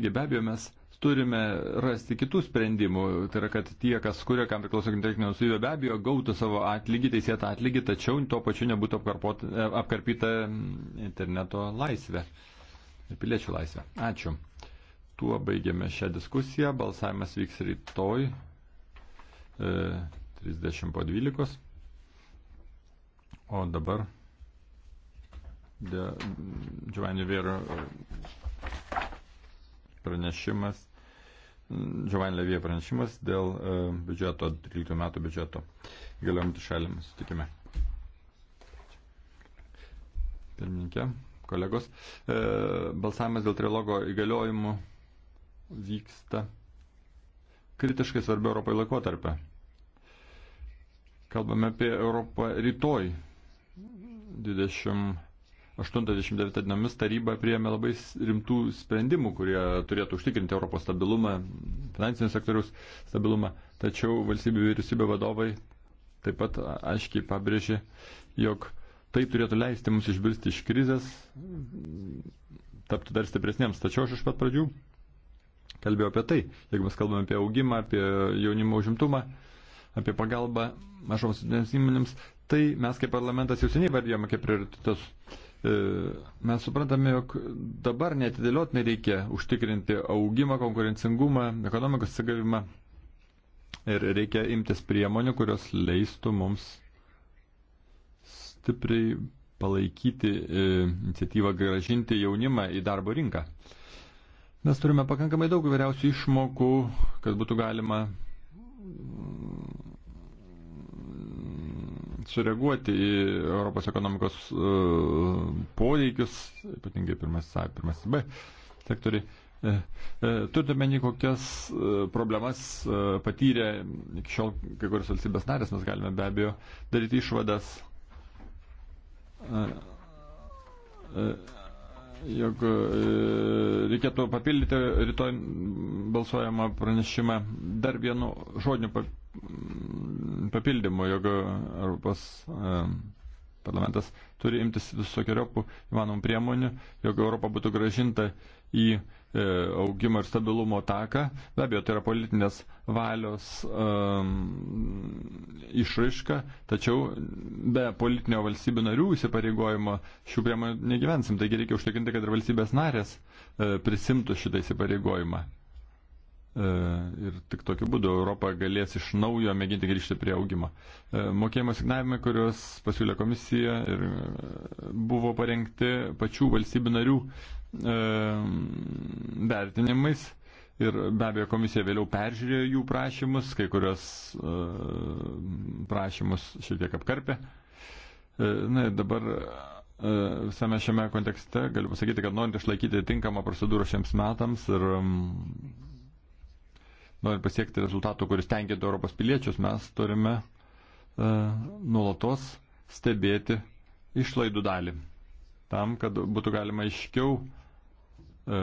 Taigi be abejo mes turime rasti kitų sprendimų. Tai yra, kad tie, kas kuria, kam priklauso intelektinė nusavybė, be abejo, gautų savo atlygį, teisėtą atlygį, tačiau tuo pačiu nebūtų apkarpyta interneto laisvė ir piliečių laisvė. Ačiū. Tuo baigiame šią diskusiją. Balsavimas vyks rytoj e, 30 po 12. O dabar Giovanni Vero pranešimas, Giovanni Levija pranešimas dėl e, biudžeto, 13 metų biudžeto. Galiojant šalim, sutikime. Pirmininkė, kolegos. E, balsavimas dėl trilogo įgaliojimų vyksta kritiškai svarbi Europai laikotarpė. Kalbame apie Europą rytoj 20. 89 dienomis taryba priėmė labai rimtų sprendimų, kurie turėtų užtikrinti Europos stabilumą, finansinio sektoriaus stabilumą. Tačiau valstybių vyriausybė vadovai taip pat aiškiai pabrėžė, jog tai turėtų leisti mums išbristi iš krizės, tapti dar stipresniems. Tačiau aš iš pat pradžių kalbėjau apie tai, jeigu mes kalbame apie augimą, apie jaunimo užimtumą, apie pagalbą mažoms įmonėms, tai mes kaip parlamentas jau seniai vardėjome kaip prioritetus. E, mes suprantame, jog dabar netidėliotinai reikia užtikrinti augimą, konkurencingumą, ekonomikos atsigavimą ir reikia imtis priemonių, kurios leistų mums stipriai palaikyti e, iniciatyvą gražinti jaunimą į darbo rinką. Mes turime pakankamai daug įvairiausių išmokų, kad būtų galima sureaguoti į Europos ekonomikos e, poreikius, ypatingai pirmasis A, pirmasis B sektoriai. E, e, turite meni, kokias problemas patyrė iki šiol kai kurios valstybės narės, mes galime be abejo daryti išvadas jog e, reikėtų papildyti rytoj balsuojamą pranešimą dar vienu žodiniu papildymu, jog Europos e, parlamentas turi imtis visokiojopų įmanomų priemonių, jog Europa būtų gražinta į E, augimo ir stabilumo taką. Be abejo, tai yra politinės valios um, išraiška, tačiau be politinio valstybių narių įsipareigojimo šių priemonių negyvensim. Taigi reikia užtikrinti, kad ir valstybės narės e, prisimtų šitą įsipareigojimą. E, ir tik tokiu būdu Europa galės iš naujo mėginti grįžti prie augimo. E, mokėjimo signavimai, kuriuos pasiūlė komisija, ir e, buvo parengti pačių valstybių narių vertinimais. Ir be abejo, komisija vėliau peržiūrėjo jų prašymus, kai kurios prašymus šiek tiek apkarpė. Na ir dabar visame šiame kontekste galiu pasakyti, kad norint išlaikyti tinkamą procedūrą šiems metams ir norint pasiekti rezultatų, kuris tenkintų Europos piliečius, mes turime e, nuolatos stebėti išlaidų dalį, tam, kad būtų galima aiškiau e,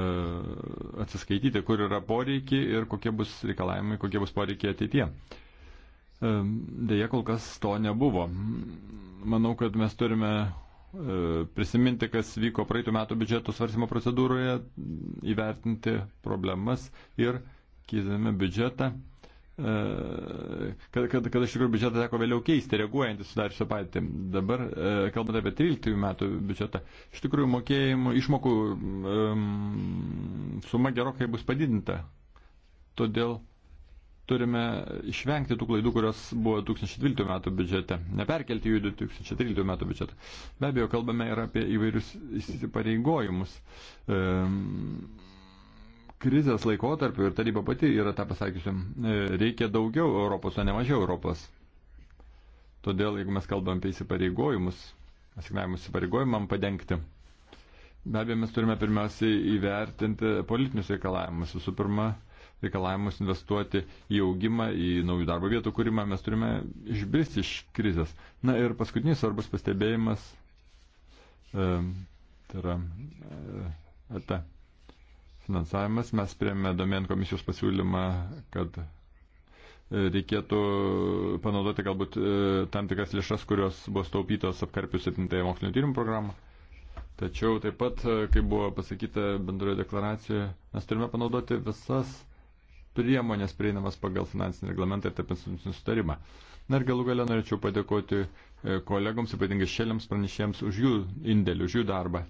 atsiskaityti, kur yra poreikiai ir kokie bus reikalavimai, kokie bus poreikiai ateitie. E, Deja, kol kas to nebuvo. Manau, kad mes turime e, prisiminti, kas vyko praeitų metų biudžeto svarsimo procedūroje, įvertinti problemas ir keisdami biudžetą, e, kad, kad, kad iš tikrųjų biudžetą teko vėliau keisti, reaguojant į sudaršę patį. Dabar, e, kalbant apie 13 metų biudžetą, iš tikrųjų mokėjimų išmokų suma gerokai bus padidinta. Todėl turime išvengti tų klaidų, kurios buvo 2012 metų biudžete, neperkelti jų 2013 metų biudžetą. Be abejo, kalbame ir apie įvairius įsipareigojimus. Um, krizės laikotarpiu, ir taryba pati yra tą pasakysiu, e, reikia daugiau Europos, o ne mažiau Europos. Todėl, jeigu mes kalbam apie įsipareigojimus, asignavimus įsipareigojimam padengti, be abejo, mes turime pirmiausiai įvertinti politinius reikalavimus. Visų pirma, reikalavimus investuoti į augimą, į naujų darbo vietų kūrimą, mes turime išbristi iš krizės. Na ir paskutinis svarbus pastebėjimas, e, tai yra e, ta finansavimas. Mes priemėme domen komisijos pasiūlymą, kad e, reikėtų panaudoti galbūt e, tam tikras lėšas, kurios buvo staupytos apkarpius 7 mokslinio tyrimų programą. Tačiau taip pat, e, kaip buvo pasakyta bendroje deklaracijoje, mes turime panaudoti visas priemonės prieinamas pagal finansinį reglamentą ir taip institucinį sutarimą. Na ir galų galę norėčiau padėkoti kolegoms, ypatingai šėliams pranešėjams, už jų indėlį, už jų darbą.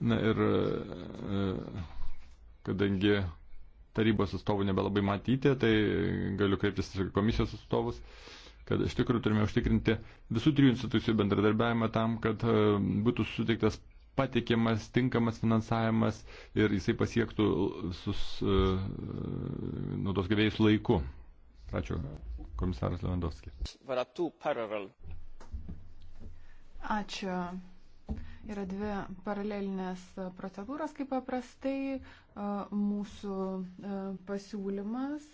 Na ir e, kadangi tarybos atstovų nebelabai matyti, tai galiu kreiptis į komisijos atstovus, kad iš tikrųjų turime užtikrinti visų trijų institucijų bendradarbiavimą tam, kad e, būtų suteiktas patikimas, tinkamas finansavimas ir jisai pasiektų visus e, naudos gavėjus laiku. Ačiū, komisaras Lewandowski. Ačiū. Yra dvi paralelinės procedūros, kaip paprastai mūsų pasiūlymas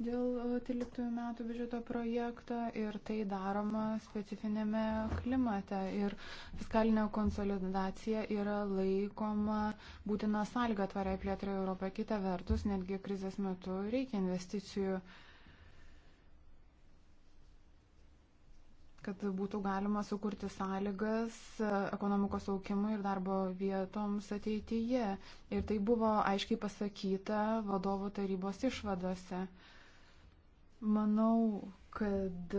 dėl 13 metų biudžeto projekto ir tai daroma specifinėme klimate. Ir fiskalinė konsolidacija yra laikoma būtina sąlyga tvariai plėtrai Europoje. Kita vertus, netgi krizės metu reikia investicijų. Uh, kad būtų galima sukurti sąlygas ekonomikos aukimui ir darbo vietoms ateityje. Ir tai buvo aiškiai pasakyta vadovų tarybos išvadose. Manau, kad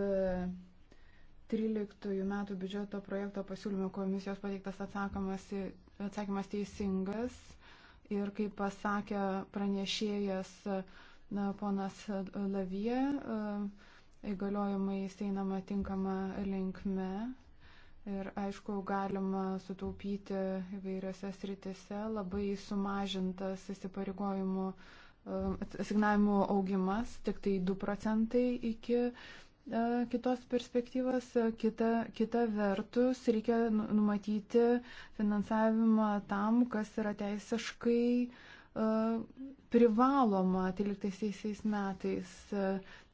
13 metų biudžeto projekto pasiūlymo komisijos pateiktas atsakomas, atsakymas teisingas. Ir kaip pasakė pranešėjas na, ponas Lavie, uh, įgaliojimais einama tinkama linkme. Ir aišku, galima sutaupyti įvairiose sritise, labai sumažintas įsipareigojimų e, asignavimų augimas, tik tai 2 procentai iki e, kitos perspektyvos. Kita, kita vertus, reikia nu, numatyti finansavimą tam, kas yra teisiškai uh, E, privaloma 13 metais.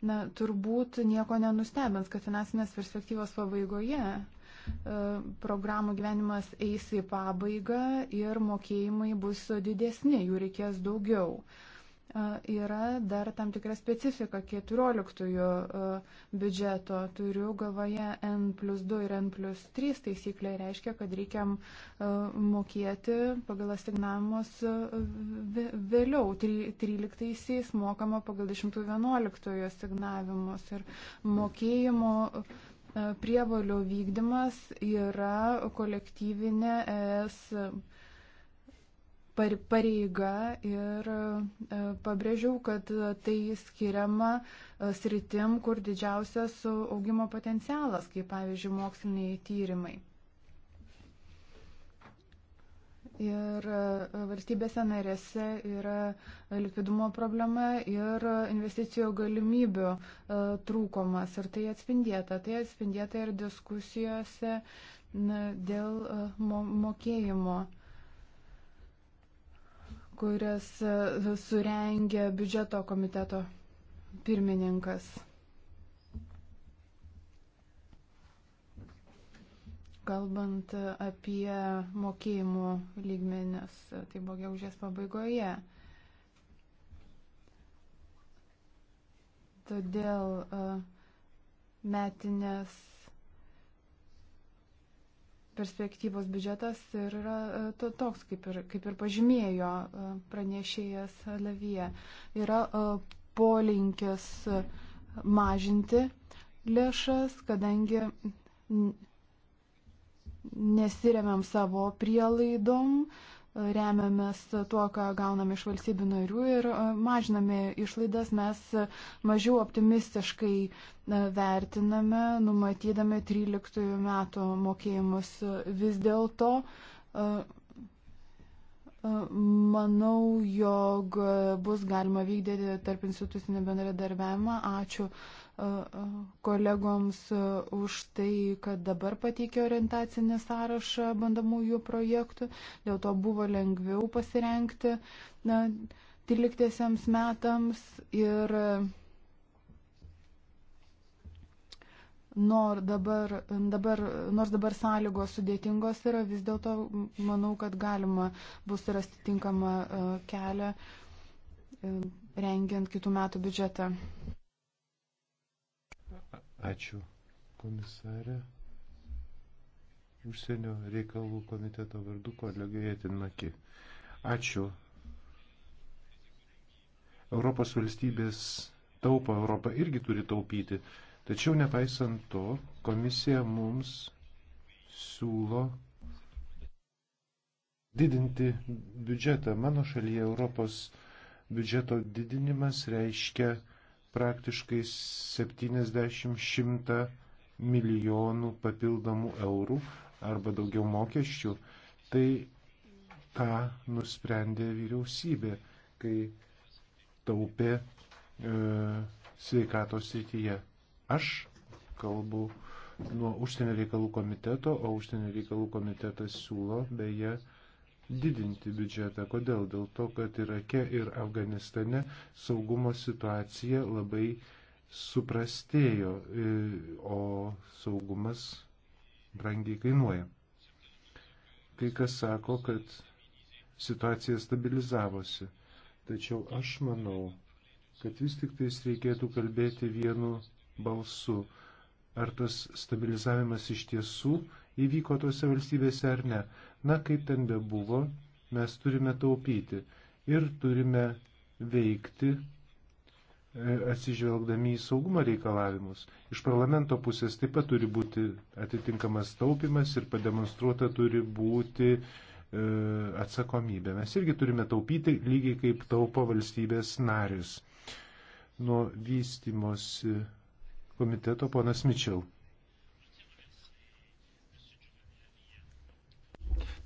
Na, turbūt nieko nenustebins, kad finansinės perspektyvos pabaigoje e, programų gyvenimas eis į pabaigą ir mokėjimai bus didesni, jų reikės daugiau. Uh, yra dar tam tikra specifika 14 biudžeto. Turiu galvoje N plus 2 ir N plus 3 taisyklė reiškia, kad reikia mokėti pagal asignavimus vėliau. 13 mokama pagal 1011 asignavimus ir mokėjimo prievalių vykdymas yra kolektyvinė ES pareiga ir e, pabrėžiau, kad tai skiriama e, sritim, kur didžiausias augimo potencialas, kaip pavyzdžiui moksliniai tyrimai. Ir e, valstybėse narėse yra likvidumo problema ir investicijų galimybių trūkumas. Ir tai atspindėta. Tai atspindėta ir diskusijose dėl mokėjimo kurias e, surengė biudžeto komiteto pirmininkas. Kalbant apie mokėjimų lygmenis, e, tai buvo gegužės pabaigoje. Todėl e, metinės perspektyvos biudžetas ir yra e, toks, kaip ir, kaip ir pažymėjo e, pranešėjas Levyje. Yra e, polinkis mažinti lėšas, kadangi nesiremiam savo prielaidom, uh, remiamės tuo, ką gauname iš valstybių narių ir e, mažiname išlaidas, mes e, mažiau optimistiškai e, vertiname, numatydami 13 metų mokėjimus. Vis dėlto manau, jog bus galima vykdyti tarp institucinį bendradarbiavimą. Ačiū kolegoms e, už tai, kad dabar pateikė orientacinį sąrašą bandomųjų projektų. Dėl to buvo lengviau pasirenkti 13 metams ir nor dabar, dabar, nors dabar sąlygos sudėtingos yra, vis dėlto manau, kad galima bus rasti tinkamą e, kelią e, rengiant kitų metų biudžetą. Ačiū komisarė. Užsienio reikalų komiteto vardu kolegė Jėtinaki. Ačiū. Europos valstybės taupo, Europa irgi turi taupyti. Tačiau nepaisant to, komisija mums siūlo didinti biudžetą. Mano šalyje Europos biudžeto didinimas reiškia praktiškai 70-100 milijonų papildomų eurų arba daugiau mokesčių. Tai ką nusprendė vyriausybė, kai taupė e, sveikatos srityje. Aš kalbu nuo užsienio reikalų komiteto, o užsienio reikalų komitetas siūlo beje didinti biudžetą. Kodėl? Dėl to, kad Irake ir Afganistane saugumo situacija labai suprastėjo, e, o saugumas brangiai kainuoja. Kai kas sako, kad situacija stabilizavosi. Tačiau aš manau, kad vis tik tais reikėtų kalbėti vienu balsu. Ar tas stabilizavimas iš tiesų įvyko tose valstybėse ar ne. Na, kaip ten bebuvo, mes turime taupyti ir turime veikti e, atsižvelgdami į saugumo reikalavimus. Iš parlamento pusės taip pat turi būti atitinkamas taupimas ir pademonstruota turi būti e, atsakomybė. Mes irgi turime taupyti lygiai kaip taupo valstybės narius. Nuo vystimosi komiteto ponas Mičiau.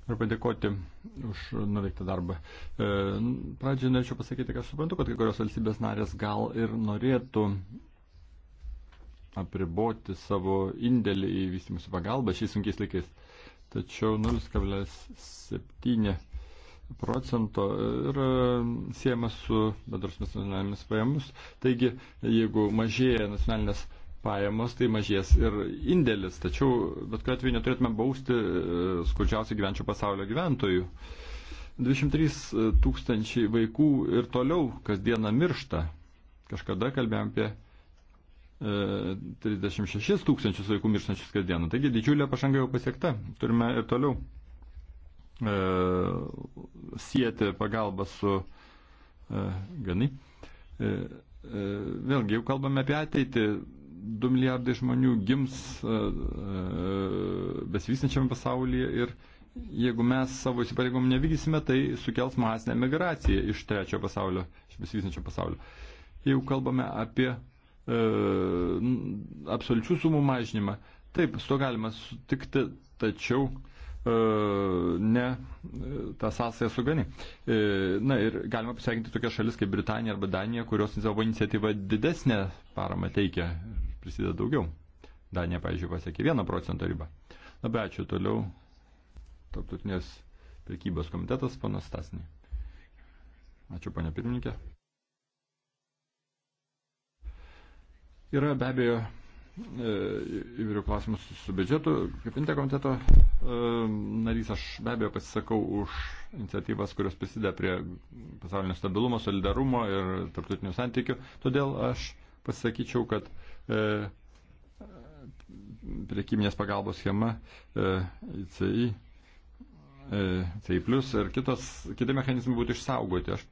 Noriu padėkoti už nuveiktą darbą. E, pradžioje norėčiau pasakyti, kad aš suprantu, kad kai kurios valstybės narės gal ir norėtų apriboti savo indėlį į vystimusi pagalbą šiais sunkiais laikais. Tačiau 0,7 procento yra siejamas su bedros nacionalinėmis pajamus. Taigi, jeigu mažėja nacionalinės pajamos, tai mažės ir indėlis. Tačiau bet kuriuo atveju neturėtume bausti e, skurdžiausiai gyvenčių pasaulio gyventojų. 23 tūkstančiai vaikų ir toliau kasdieną miršta. Kažkada kalbėjom apie 36 e, tūkstančius vaikų mirštančius kasdieną. Taigi didžiulė pažanga jau pasiekta. Turime ir toliau e, sieti pagalbą su e, ganai. E, e, vėlgi, jau kalbame apie ateitį. 2 milijardai žmonių gims e, e, besivystančiame pasaulyje ir jeigu mes savo įsipareigom nevykysime, tai sukels masinę migraciją iš trečiojo pasaulio, iš besivystančio pasaulio. Jeigu kalbame apie e, absoliučių sumų mažinimą, taip, su to galima sutikti, tačiau e, ne tą sąsąją sugani. Na ir galima pasveikinti tokias šalis kaip Britanija arba Danija, kurios savo iniciatyvą didesnę paramą teikia prisideda daugiau. Danija, pavyzdžiui, pasiekė 1 procento ribą. Labai ačiū toliau. Tarptautinės prekybos komitetas, panas Stasny. Ačiū, panė pirmininkė. Yra be abejo e, įvairių klausimų su biudžetu. Kaip inte komiteto e, narys, aš be abejo pasisakau už iniciatyvas, kurios prisideda prie pasaulinio stabilumo, solidarumo ir tarptautinių santykių. Todėl aš pasakyčiau, kad E, priekyminės pagalbos schema ICI, e, CI e, plus ir kitos, kiti mechanizmai būtų išsaugoti. Aš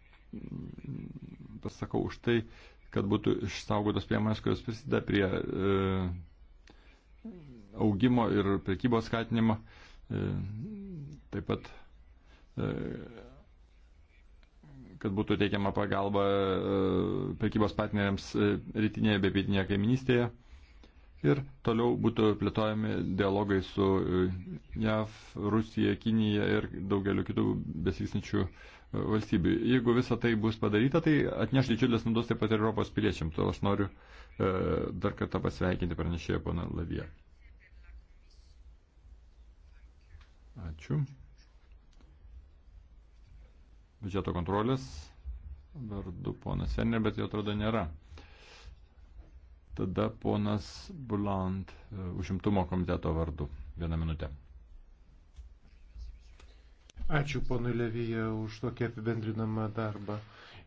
pasakau už tai, kad būtų išsaugotos priemonės, kurios prisideda prie e, augimo ir prekybos skatinimo. E, taip pat e, kad būtų teikiama pagalba e, prekybos partneriams e, rytinėje bei pietinėje kaiminystėje. Ir toliau būtų plėtojami dialogai su e, JAV, Rusija, Kinija ir daugeliu kitų besivystančių valstybių. Jeigu visa tai bus padaryta, tai atneš didžiulės naudos taip pat ir Europos piliečiams. Todėl aš noriu e, dar kartą pasveikinti pranešėją poną Laviją. Ačiū biudžeto kontrolės vardu ponas Senė, bet jo atrodo nėra. Tada ponas Bulant e, užimtumo komiteto vardu. Vieną minutę. Ačiū ponui Levyje už tokį apibendrinamą darbą.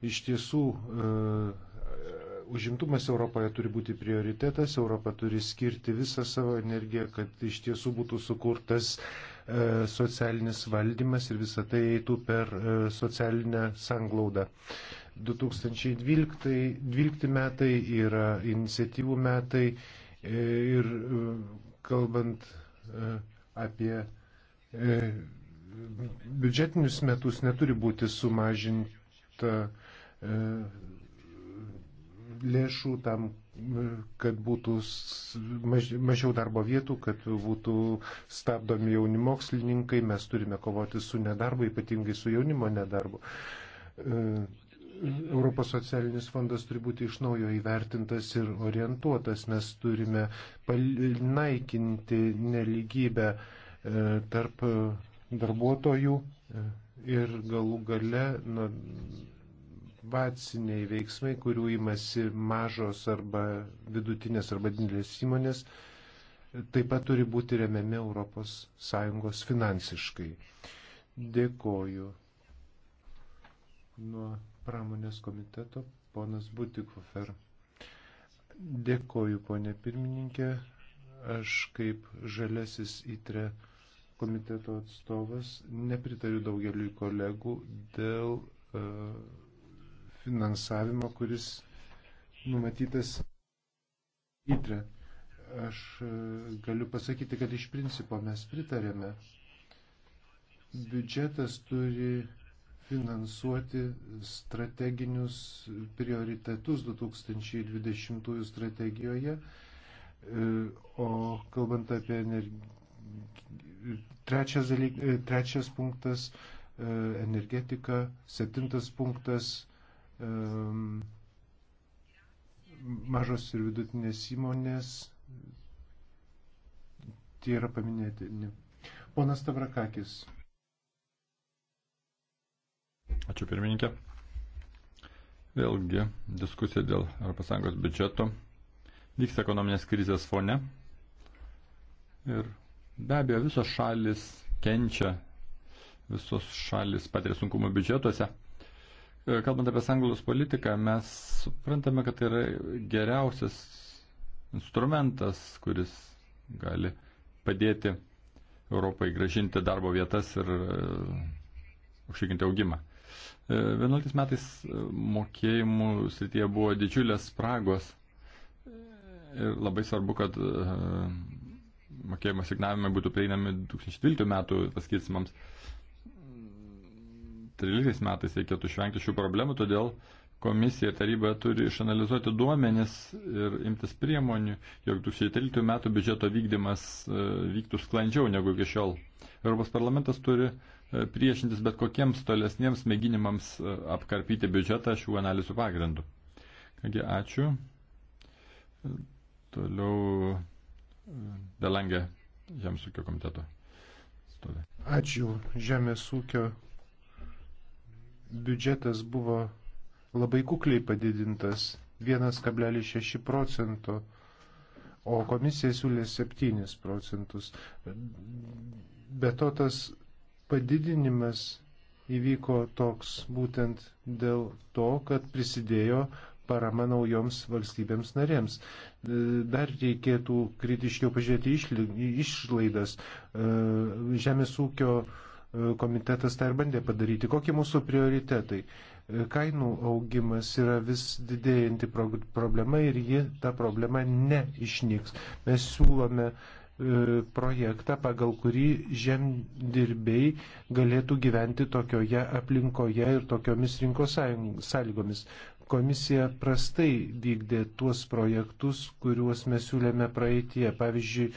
Iš tiesų, e, užimtumas Europoje turi būti prioritetas, Europa turi skirti visą savo energiją, kad iš tiesų būtų sukurtas uh, E, socialinis valdymas ir visą tai eitų per e, socialinę sanglaudą. 2012 metai yra iniciatyvų metai e, ir kalbant apie biudžetinius metus neturi būti sumažinta lėšų tam, kad būtų mažiau darbo vietų, kad būtų stabdomi jauni mokslininkai, mes turime kovoti su nedarbu, ypatingai su jaunimo nedarbu. E, Europos socialinis fondas turi būti iš naujo įvertintas ir orientuotas, mes turime panaikinti neligybę e, tarp darbuotojų e, ir galų gale. Na, inovaciniai veiksmai, kurių imasi mažos arba vidutinės arba didelės įmonės, taip pat turi būti remiami ES finansiškai. Dėkoju. Nuo pramonės komiteto ponas Butikofer. Dėkoju, ponė pirmininkė. Aš kaip žalesis įtre komiteto atstovas nepritariu daugeliu kolegų dėl uh, finansavimo, kuris numatytas įtrė. Aš e, galiu pasakyti, kad iš principo mes pritarėme. Biudžetas turi finansuoti strateginius prioritetus 2020 strategijoje, e, o kalbant apie energiją. Trečias, dalyk, e, trečias punktas energetika, septintas punktas mažos ir vidutinės įmonės, tie yra paminėti. Ponas Tavrakakis. Ačiū pirmininkė. Vėlgi diskusija dėl ES biudžeto vyksta ekonominės krizės fone. Ir be abejo, visos šalis kenčia, visos šalis patiria sunkumų biudžetuose. E, kalbant apie sanglus politiką, mes suprantame, kad tai yra geriausias instrumentas, kuris gali padėti Europai gražinti darbo vietas ir e, užtikrinti augimą. 11 e, metais mokėjimų srityje buvo didžiulės spragos ir labai svarbu, kad mokėjimo signavimai būtų prieinami 2012 metų paskirstimams. 2013 metais reikėtų išvengti šių problemų, todėl komisija ir taryba turi išanalizuoti duomenis ir imtis priemonių, jog 2013 metų biudžeto vykdymas e, vyktų sklandžiau negu iki šiol. Europos parlamentas turi e, priešintis bet kokiems tolesniems mėginimams e, apkarpyti biudžetą šių analizų pagrindų. Kągi, ačiū. Toliau Belangė Žemės ūkio komiteto. Ačiū Žemės ūkio biudžetas buvo labai kukliai padidintas 1,6 procento, o komisija siūlė 7 procentus. Be to tas padidinimas įvyko toks būtent dėl to, kad prisidėjo parama naujoms valstybėms narėms. Dar reikėtų kritiškiau pažiūrėti išlaidas. Žemės ūkio komitetas tai ir bandė padaryti. Kokie mūsų prioritetai? Kainų augimas yra vis didėjanti problema ir ji, ta problema neišnyks. Mes siūlome e, projektą, pagal kurį žemdirbiai galėtų gyventi tokioje aplinkoje ir tokiomis rinkos sąlygomis. Komisija prastai vykdė tuos projektus, kuriuos mes siūlėme praeitie. Pavyzdžiui,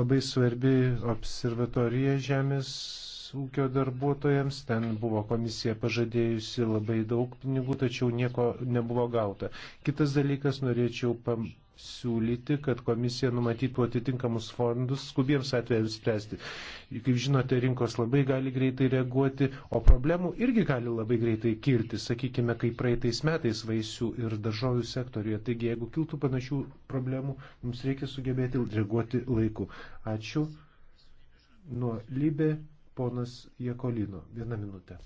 labai svarbi observatorija žemės ūkio darbuotojams. Ten buvo komisija pažadėjusi labai daug pinigų, tačiau nieko nebuvo gauta. Kitas dalykas, norėčiau siūlyti, kad komisija numatytų atitinkamus fondus skubiems atvejams spręsti. Kaip žinote, rinkos labai gali greitai reaguoti, o problemų irgi gali labai greitai kilti, sakykime, kaip praeitais metais vaisių ir daržovių sektoriuje. Taigi, jeigu kiltų panašių problemų, mums reikia sugebėti reaguoti laiku. Ačiū. Nuo Libė ponas Jekolino. Vieną minutę.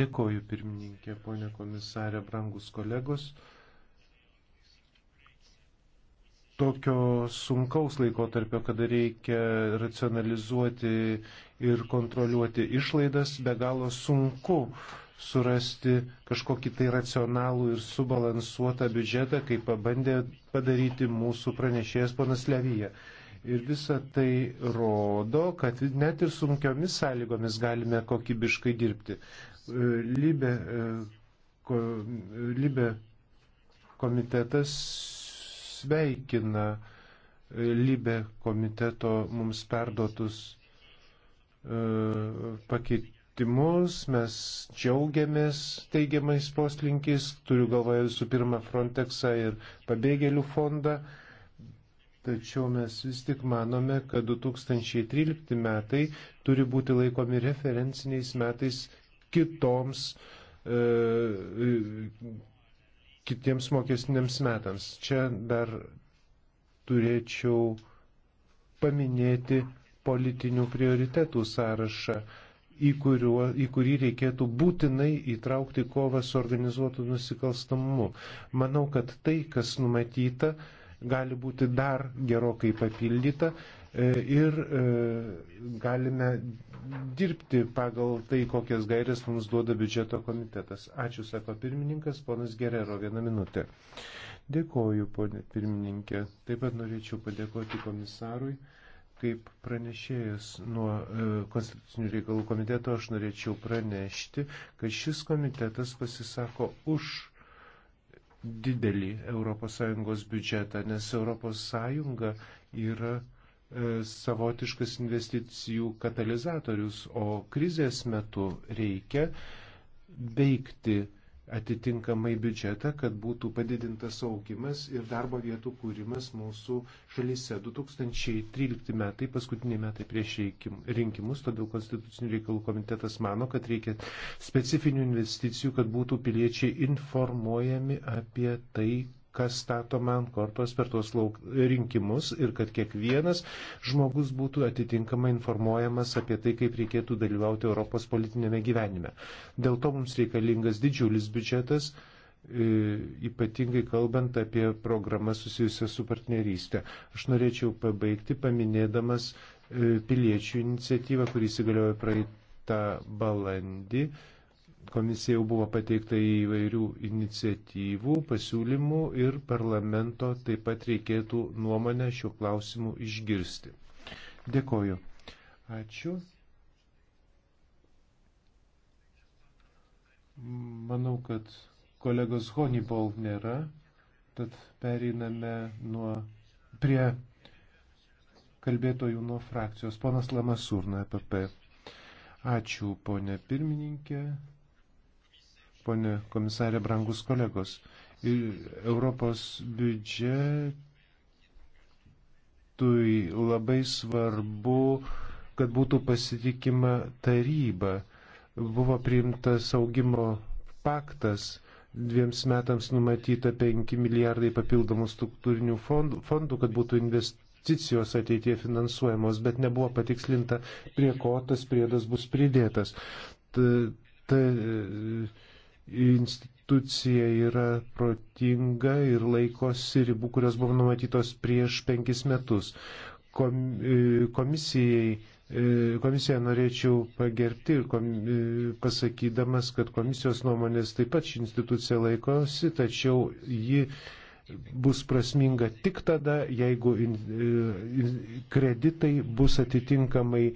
Dėkoju pirmininkė, ponė komisarė, brangus kolegos. tokio sunkaus laikotarpio, kada reikia racionalizuoti ir kontroliuoti išlaidas, be galo sunku surasti kažkokį tai racionalų ir subalansuotą biudžetą, kaip pabandė padaryti mūsų pranešėjas ponas Levyje. Ir visa tai rodo, kad net ir sunkiomis sąlygomis galime kokybiškai dirbti. E, Libė, e, ko, Libė komitetas sveikina e, Libė komiteto mums perdotus e, pakeitimus, mes džiaugiamės teigiamais poslinkis, turiu galvoje visų pirma Frontexą ir pabėgėlių fondą, tačiau mes vis tik manome, kad 2013 metai turi būti laikomi referenciniais metais kitoms e, kitiems mokestiniams metams. Čia dar turėčiau paminėti politinių prioritetų sąrašą, į, kuriuo, į kurį reikėtų būtinai įtraukti kovą su organizuotu nusikalstamumu. Manau, kad tai, kas numatyta, gali būti dar gerokai papildyta E, ir e, galime dirbti pagal tai, kokias gairias mums duoda biudžeto komitetas. Ačiū, sako pirmininkas, ponas Gerero, vieną minutę. Dėkoju, ponė pirmininkė. Taip pat norėčiau padėkoti komisarui. Kaip pranešėjas nuo e, Konstitucinių reikalų komiteto aš norėčiau pranešti, kad šis komitetas pasisako už didelį ES biudžetą, nes ES yra E, savotiškas investicijų katalizatorius, o krizės metu reikia veikti atitinkamai biudžetą, kad būtų padidintas augimas ir darbo vietų kūrimas mūsų šalyse. 2013 metai, paskutiniai metai prieš rinkimus, todėl Konstitucinių reikalų komitetas mano, kad reikia specifinių investicijų, kad būtų piliečiai informuojami apie tai, kas statoma ant kortos per tuos lauk, rinkimus ir kad kiekvienas žmogus būtų atitinkamai informuojamas apie tai, kaip reikėtų dalyvauti Europos politinėme gyvenime. Dėl to mums reikalingas didžiulis biudžetas, e, ypatingai kalbant apie programą susijusią su partnerystė. Aš norėčiau pabaigti paminėdamas e, piliečių iniciatyvą, kuris įgaliojo praeitą balandį Komisija jau buvo pateikta įvairių iniciatyvų, pasiūlymų ir parlamento taip pat reikėtų nuomonę šiuo klausimu išgirsti. Dėkoju. Ačiū. Manau, kad kolegos Honibol nėra, tad pereiname nuo, prie kalbėtojų nuo frakcijos. Ponas Lamasurna, PP. Ačiū, ponė pirmininkė ponė komisarė, brangus kolegos. Europos biudžetui labai svarbu, kad būtų pasitikima taryba. Buvo priimtas augimo paktas, dviems metams numatyta 5 milijardai papildomų struktūrinių fondų, fondų kad būtų investicijos ateitie finansuojamos, bet nebuvo patikslinta, prie ko tas priedas bus pridėtas. Ta, ta, institucija yra protinga ir laikosi ribų, kurios buvo numatytos prieš penkis metus. E, komisijai, e, komisiją norėčiau pagerti ir kom, e, pasakydamas, kad komisijos nuomonės taip pat ši institucija laikosi, tačiau ji bus prasminga tik tada, jeigu kreditai bus atitinkamai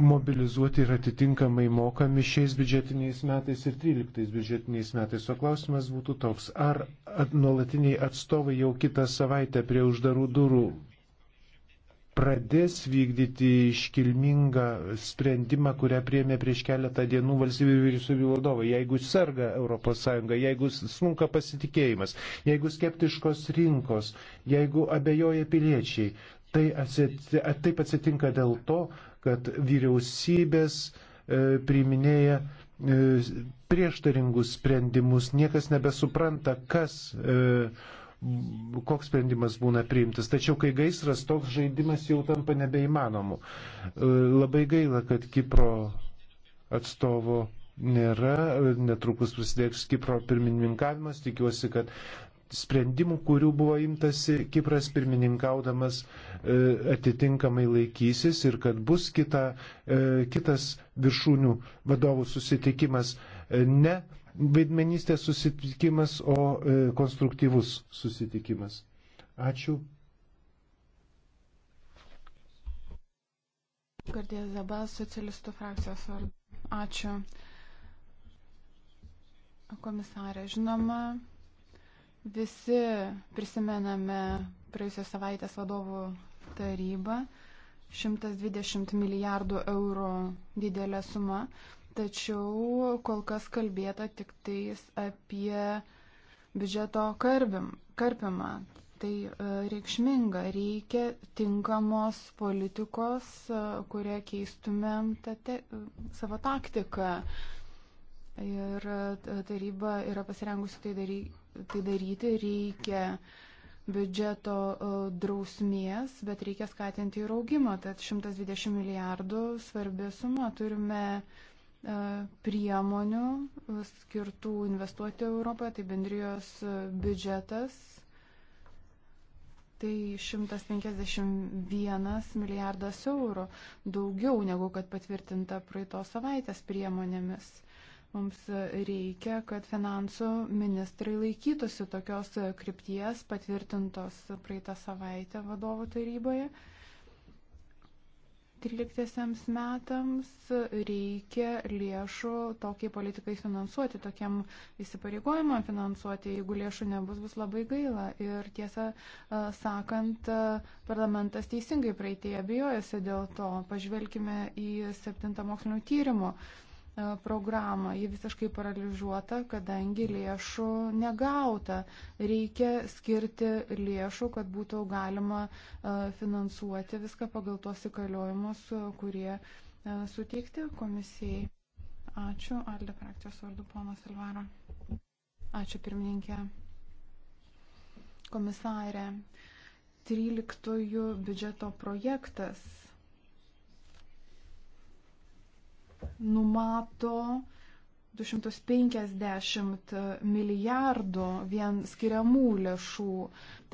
mobilizuoti ir atitinkamai mokami šiais biudžetiniais metais ir 13 biudžetiniais metais. O klausimas būtų toks, ar nuolatiniai atstovai jau kitą savaitę prie uždarų durų pradės vykdyti iškilmingą sprendimą, kurią priemė prieš keletą dienų valstybių vyriausybių vadovai. Jeigu serga ES, jeigu smunka pasitikėjimas, jeigu skeptiškos rinkos, jeigu abejoja piliečiai, tai atsiti, taip atsitinka dėl to, kad vyriausybės e, priiminėja e, prieštaringus sprendimus, niekas nebesupranta, kas, e, koks sprendimas būna priimtas. Tačiau, kai gaisras, toks žaidimas jau tampa nebeįmanomu. Labai gaila, kad Kipro atstovo nėra, netrukus prasidės Kipro pirmininkavimas, tikiuosi, kad sprendimų, kurių buvo imtasi Kipras pirmininkaudamas e, atitinkamai laikysis ir kad bus kita, e, kitas viršūnių vadovų susitikimas e, ne vaidmenystės susitikimas, o konstruktyvus susitikimas. Ačiū. Gardė Zabas, socialistų frakcijos vardu. Ačiū. Komisarė, žinoma, Visi prisimename praėjusios savaitės vadovų tarybą. 120 milijardų eurų didelė suma, tačiau kol kas kalbėta tik tais apie biudžeto karbim, karpimą. Tai e, reikšminga, reikia tinkamos politikos, e, kurią keistumėm tate, savo taktiką. Ir e, taryba yra pasirengusi tai daryti tai daryti, reikia biudžeto e, drausmės, bet reikia skatinti ir augimą. Tad 120 milijardų svarbi suma. Turime e, priemonių e, skirtų investuoti Europoje, tai bendrijos biudžetas. Tai 151 milijardas eurų, daugiau negu kad patvirtinta praeitos savaitės priemonėmis. Mums reikia, kad finansų ministrai laikytųsi tokios krypties patvirtintos praeitą savaitę vadovų taryboje. 13 metams reikia lėšų tokiai politikai finansuoti, tokiam įsipareigojimam finansuoti. Jeigu lėšų nebus, bus labai gaila. Ir tiesą sakant, parlamentas teisingai praeitėje bijojasi dėl to. Pažvelkime į septintą mokslinio tyrimo E, programą. Ji visiškai paralyžiuota, kadangi lėšų negauta. Reikia skirti lėšų, kad būtų galima e, finansuoti viską pagal tos įkaliojimus, e, kurie suteikti komisijai. Ačiū. Alde frakcijos vardu ponas Alvaro. Ačiū pirmininkė. Komisarė. 13 biudžeto projektas numato 250 milijardų vien skiriamų lėšų.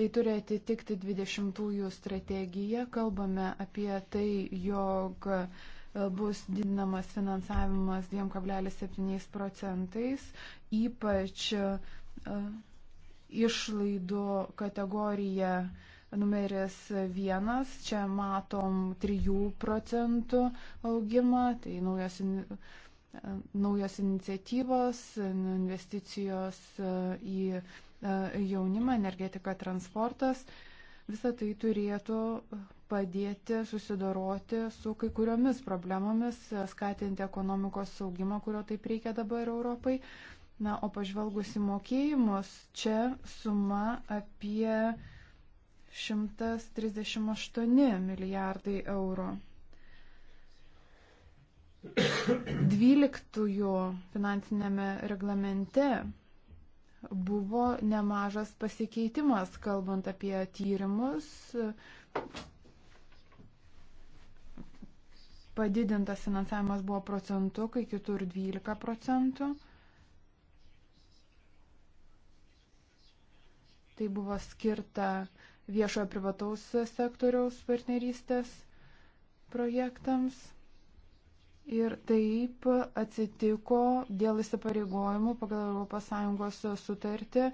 Tai turi atitikti 20-ųjų strategiją. Kalbame apie tai, jog e, bus didinamas finansavimas 2,7 procentais, ypač e, išlaidų kategorija numeris vienas, čia matom 3 procentų augimą, tai naujos, naujos iniciatyvos, investicijos e, į e, jaunimą, energetika, transportas. Visą tai turėtų padėti susidoroti su kai kuriomis problemomis, skatinti ekonomikos saugimą, kurio taip reikia dabar Europai. Na, o pažvelgus į mokėjimus, čia suma apie 138 milijardai eurų. 12 finansinėme reglamente buvo nemažas pasikeitimas, kalbant apie tyrimus, padidintas finansavimas buvo procentu, kai kitur 12 procentų. Tai buvo skirta viešojo privataus sektoriaus partnerystės projektams. Ir taip atsitiko dėl įsipareigojimų pagal ES sutartį,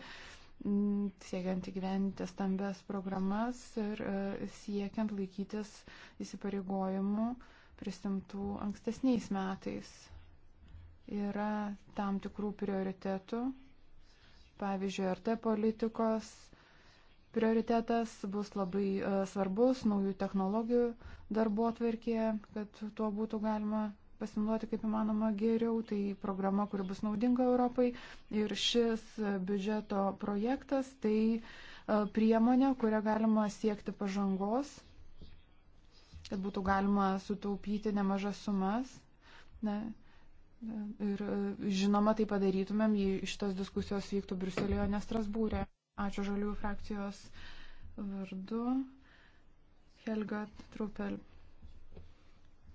siekiant įgyventi stambes programas ir e, siekiant laikytis įsipareigojimų prisimtų ankstesniais metais. Yra tam tikrų prioritetų, pavyzdžiui, RT politikos prioritetas bus labai e, svarbus naujų technologijų darbo atverkėje, kad tuo būtų galima pasinaudoti kaip įmanoma geriau. Tai programa, kuri bus naudinga Europai. Ir šis e, biudžeto projektas tai e, priemonė, kurią galima siekti pažangos, kad būtų galima sutaupyti nemažas sumas. Ne. Ir žinoma, tai padarytumėm, jei šitos diskusijos vyktų Bruselėje, o ne Strasbūrė. Ačiū žaliųjų frakcijos vardu. Helga Trupel.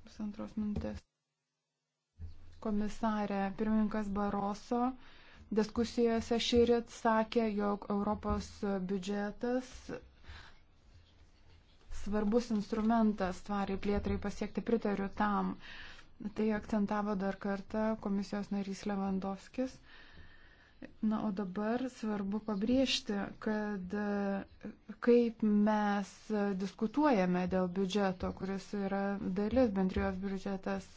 Pusantros minutės. Komisarė, pirmininkas Baroso diskusijose šįryt sakė, jog Europos biudžetas svarbus instrumentas tvariai plėtrai pasiekti, pritariu tam. Tai akcentavo dar kartą komisijos narys Levandovskis. Uh, Na, o dabar svarbu pabrėžti, kad kaip mes diskutuojame dėl biudžeto, kuris yra dalis bendrijos biudžetas,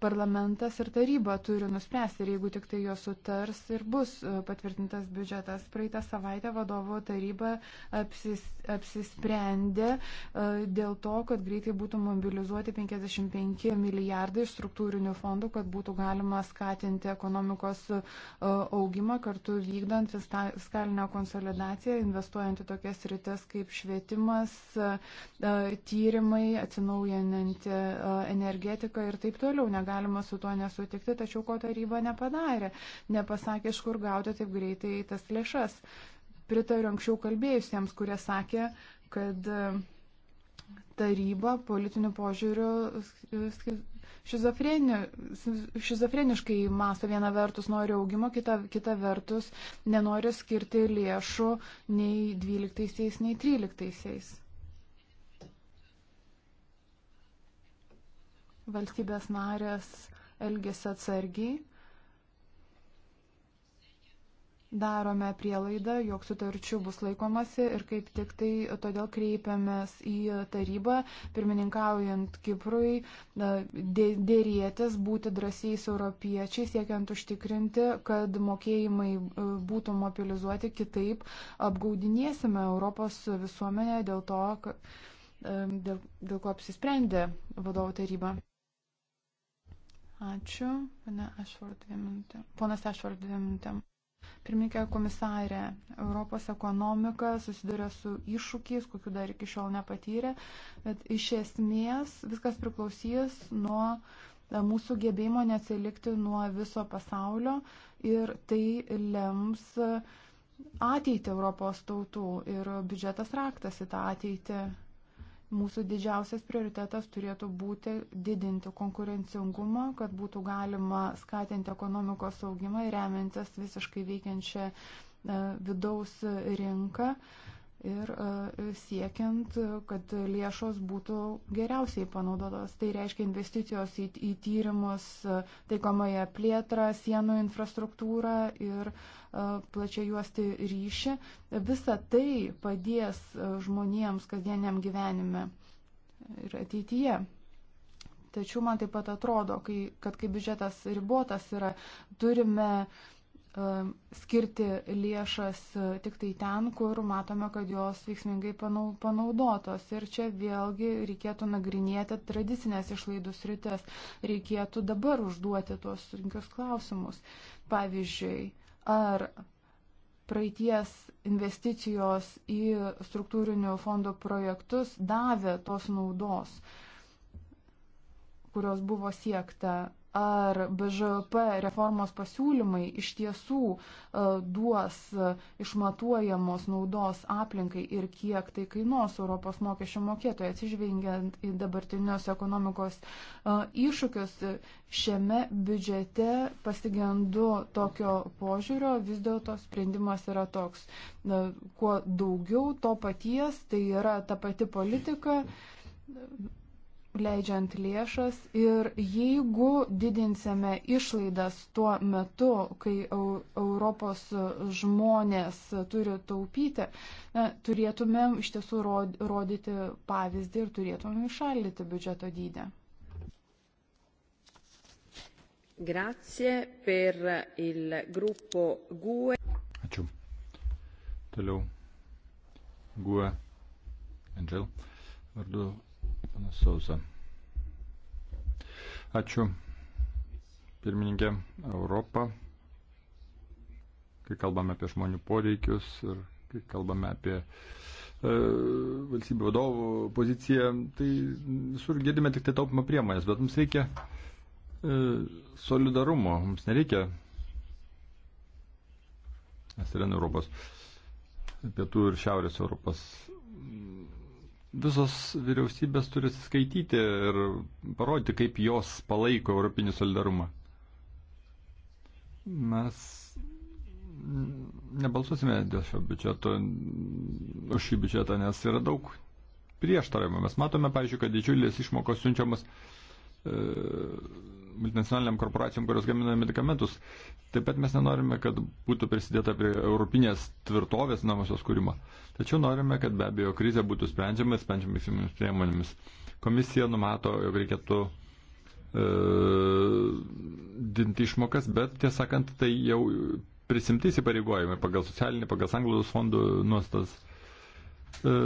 parlamentas ir taryba turi nuspręsti ir jeigu tik tai jos sutars ir bus e, patvirtintas biudžetas. Praeitą savaitę vadovo taryba apsis, apsisprendė e, dėl to, kad greitai būtų mobilizuoti 55 milijardai struktūrinių fondų, kad būtų galima skatinti ekonomikos e, augimą kartu vykdant fiskalinę konsolidaciją, investuojant į tokias rytis kaip švietimas, tyrimai, atsinaujinanti energetika ir taip toliau negalima su tuo nesutikti, tačiau ko taryba nepadarė, nepasakė, iš kur gauti taip greitai tas lėšas. Pritariu anksčiau kalbėjusiems, kurie sakė, kad e, taryba politiniu požiūriu šizofreniškai masto vieną vertus nori augimo, kitą, kitą vertus nenori skirti lėšų nei 12, nei 13. valstybės narės elgesi atsargiai. Darome prielaidą, jog sutarčių bus laikomasi ir kaip tik tai todėl kreipiamės į tarybą, pirmininkaujant Kiprui, dėrėtis, būti drąsiais europiečiai, siekiant užtikrinti, kad mokėjimai e, būtų mobilizuoti kitaip, apgaudinėsime Europos visuomenę dėl to, e, dėl, dėl ko apsisprendė vadovų taryba. Ačiū. Ponas Ešvard, dvi minutėm. Pirmininkė komisarė, Europos ekonomika susiduria su iššūkiais, kokiu dar iki šiol nepatyrė, bet iš esmės viskas priklausys nuo e, mūsų gebėjimo neatsilikti nuo viso pasaulio ir tai lems ateitį Europos tautų ir biudžetas raktas į tą ateitį. Mūsų didžiausias prioritetas turėtų būti didinti konkurencingumą, kad būtų galima skatinti ekonomikos augimą remiantis visiškai veikiančią e, vidaus rinką. Uh, ir e, siekiant, kad lėšos būtų geriausiai panaudotos. Tai reiškia investicijos į, į tyrimus, e, taikomąją plėtrą, sienų infrastruktūrą ir e, plačiai juosti ryšį. Visa tai padės žmonėms kasdieniam gyvenime ir ateityje. Tačiau man taip pat atrodo, kai, kad kai biudžetas ribotas yra, turime uh, Um, skirti lėšas uh, tik tai ten, kur matome, kad jos veiksmingai panaudotos. Ir čia vėlgi reikėtų nagrinėti tradicinės išlaidų sritis. Reikėtų dabar užduoti tuos sunkius klausimus. Pavyzdžiui, ar praeities investicijos į struktūrinių fondų projektus davė tos naudos, kurios buvo siekta ar BŽP reformos pasiūlymai iš tiesų e, duos e, išmatuojamos naudos aplinkai ir kiek tai kainuos Europos mokesčio mokėtojai atsižvengiant į dabartinius ekonomikos e, iššūkius. Šiame biudžete pasigendu tokio požiūrio, vis dėlto sprendimas yra toks. Kuo daugiau to paties, tai yra ta pati politika leidžiant lėšas ir jeigu didinsime išlaidas tuo metu, kai Europos žmonės turi taupyti, na, turėtumėm iš tiesų rodyti pavyzdį ir turėtumėm išaldyti biudžeto dydį. Grazie per il gruppo GUE. Ačiū. Toliau. GUE. Angel. Vardu Pana Sauza. Ačiū. Pirmininkė, Europą, kai kalbame apie žmonių poreikius ir kai kalbame apie e, valstybių vadovų poziciją, tai visur girdime tik tai taupimo priemonės, bet mums reikia e, solidarumo, mums nereikia nes yra Europos, pietų ir šiaurės Europos visos vyriausybės turi skaityti ir parodyti, kaip jos palaiko europinį solidarumą. Mes nebalsuosime dėl šio biudžeto, už šį biudžetą, nes yra daug prieštaravimų. Mes matome, pavyzdžiui, kad didžiulės išmokos siunčiamas uh, E, multinacionaliniam korporacijom, kurios gamina medikamentus. Taip pat mes nenorime, kad būtų prisidėta prie europinės tvirtovės namusios kūrimo. Tačiau norime, kad be abejo krizė būtų sprendžiama ir sprendžiamis įmonėmis priemonėmis. Komisija numato, jog reikėtų e, dinti išmokas, bet tiesąkant tai jau prisimti įsipareigojimai pagal socialinį, pagal sanglaudos fondų nuostas. E,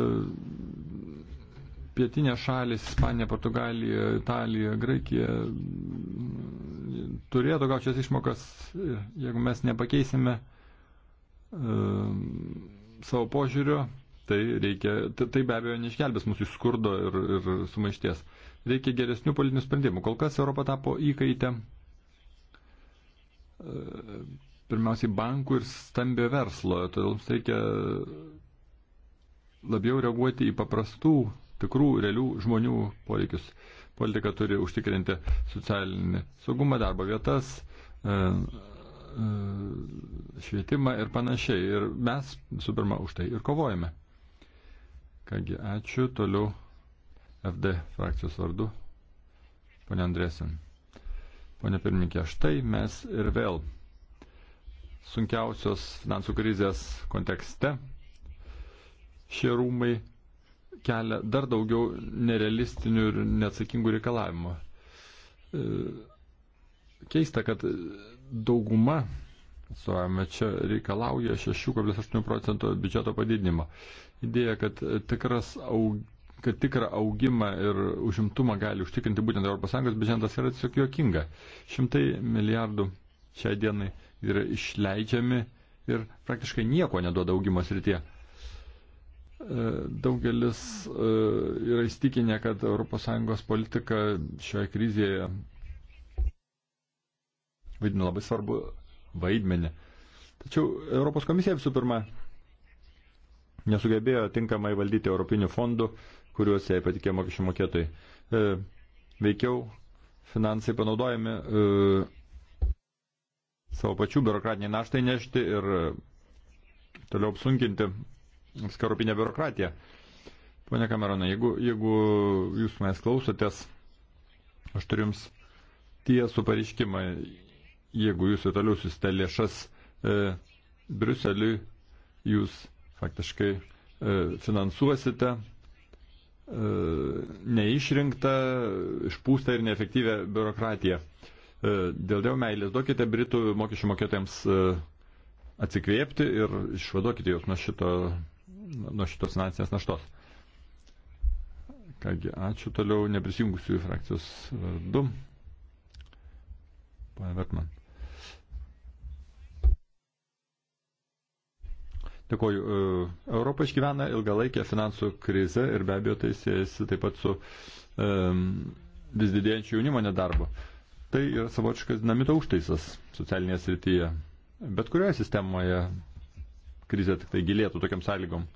pietinės šalis, Ispanija, Portugalija, Italija, Graikija turėtų gauti šias išmokas, jeigu mes nepakeisime um, savo požiūrio, tai, reikia, tai, tai be abejo neišgelbės mūsų iš skurdo ir, ir sumaišties. Reikia geresnių politinių sprendimų. Kol kas Europa tapo įkaitę e, pirmiausiai bankų ir stambio verslo, todėl mums reikia labiau reaguoti į paprastų tikrų, realių žmonių poreikius. Politika turi užtikrinti socialinį saugumą, darbo vietas, e, e, švietimą ir panašiai. Ir mes, visų pirma, už tai ir kovojame. Kągi, ačiū. Toliau FD frakcijos vardu. Pone Andrėsin. Pone pirmininkė, štai mes ir vėl sunkiausios finansų krizės kontekste šie rūmai kelia dar daugiau nerealistinių ir neatsakingų reikalavimų. E, keista, kad dauguma, suojame, čia reikalauja 6,8 procento biudžeto padidinimo. Idėja, kad, tikras aug, kad tikrą augimą ir užimtumą gali užtikrinti būtent ES biudžetas yra tiesiog juokinga. Šimtai milijardų šiai dienai yra išleidžiami ir praktiškai nieko neduoda augimo srityje. E, daugelis e, yra įstikinę, kad ES politika šioje krizėje vaidina labai svarbu vaidmenį. Tačiau Europos komisija visų pirma nesugebėjo tinkamai valdyti europinių fondų, kuriuos jai patikė mokesčių mokėtojai. E, veikiau finansai panaudojami savo pačių biurokratiniai naštai nešti ir toliau apsunkinti viską europinę biurokratiją. Pone Kameronai, jeigu, jeigu jūs manęs klausotės, aš turiu jums tiesų pareiškimą, jeigu jūs ir toliau susite lėšas e, Briuseliui, jūs faktiškai e, finansuosite e, neišrinktą, išpūstą ir neefektyvę biurokratiją. E, dėl dėl meilės duokite Britų mokesčių mokėtojams e, atsikvėpti ir išvaduokite juos nuo šito nuo šitos finansinės naštos. Kągi, ačiū toliau neprisijungusių į frakcijos vardu. Pane Vertman. Dėkoju. E, Europa išgyvena ilgalaikę finansų krizę ir be abejo tai siejasi taip pat su um, vis didėjančiu jaunimo nedarbu. Tai yra savotiškas dinamito užtaisas socialinėje srityje. Bet kurioje sistemoje krizė tik tai gilėtų tokiam sąlygom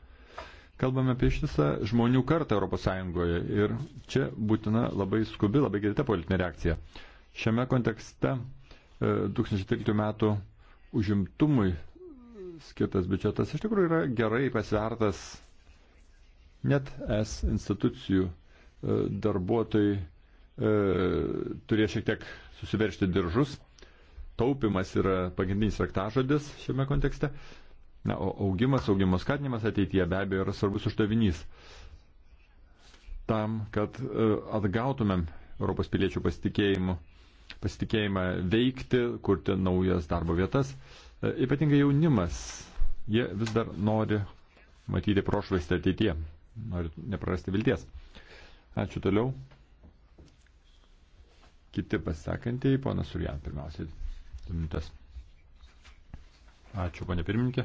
kalbame apie ištisą žmonių kartą ES ir čia būtina labai skubi, labai greita politinė reakcija. Šiame kontekste 2013 e, metų užimtumui skirtas biudžetas iš tikrųjų yra gerai pasvertas net es institucijų e, darbuotojai e, turėjo šiek tiek susiveršti diržus. Taupimas yra pagrindinis raktažodis šiame kontekste. Na, o augimas, augimo skatinimas ateityje be abejo yra svarbus uždavinys tam, kad e, atgautumėm Europos piliečių pasitikėjimą, pasitikėjimą veikti, kurti naujas darbo vietas. E, ypatingai jaunimas, jie vis dar nori matyti prošvaistę ateityje, nori neprarasti vilties. Ačiū toliau. Kiti pasakantieji, ponas Surjan, pirmiausiai, minutės. Ačiū, ponė pirmininkė.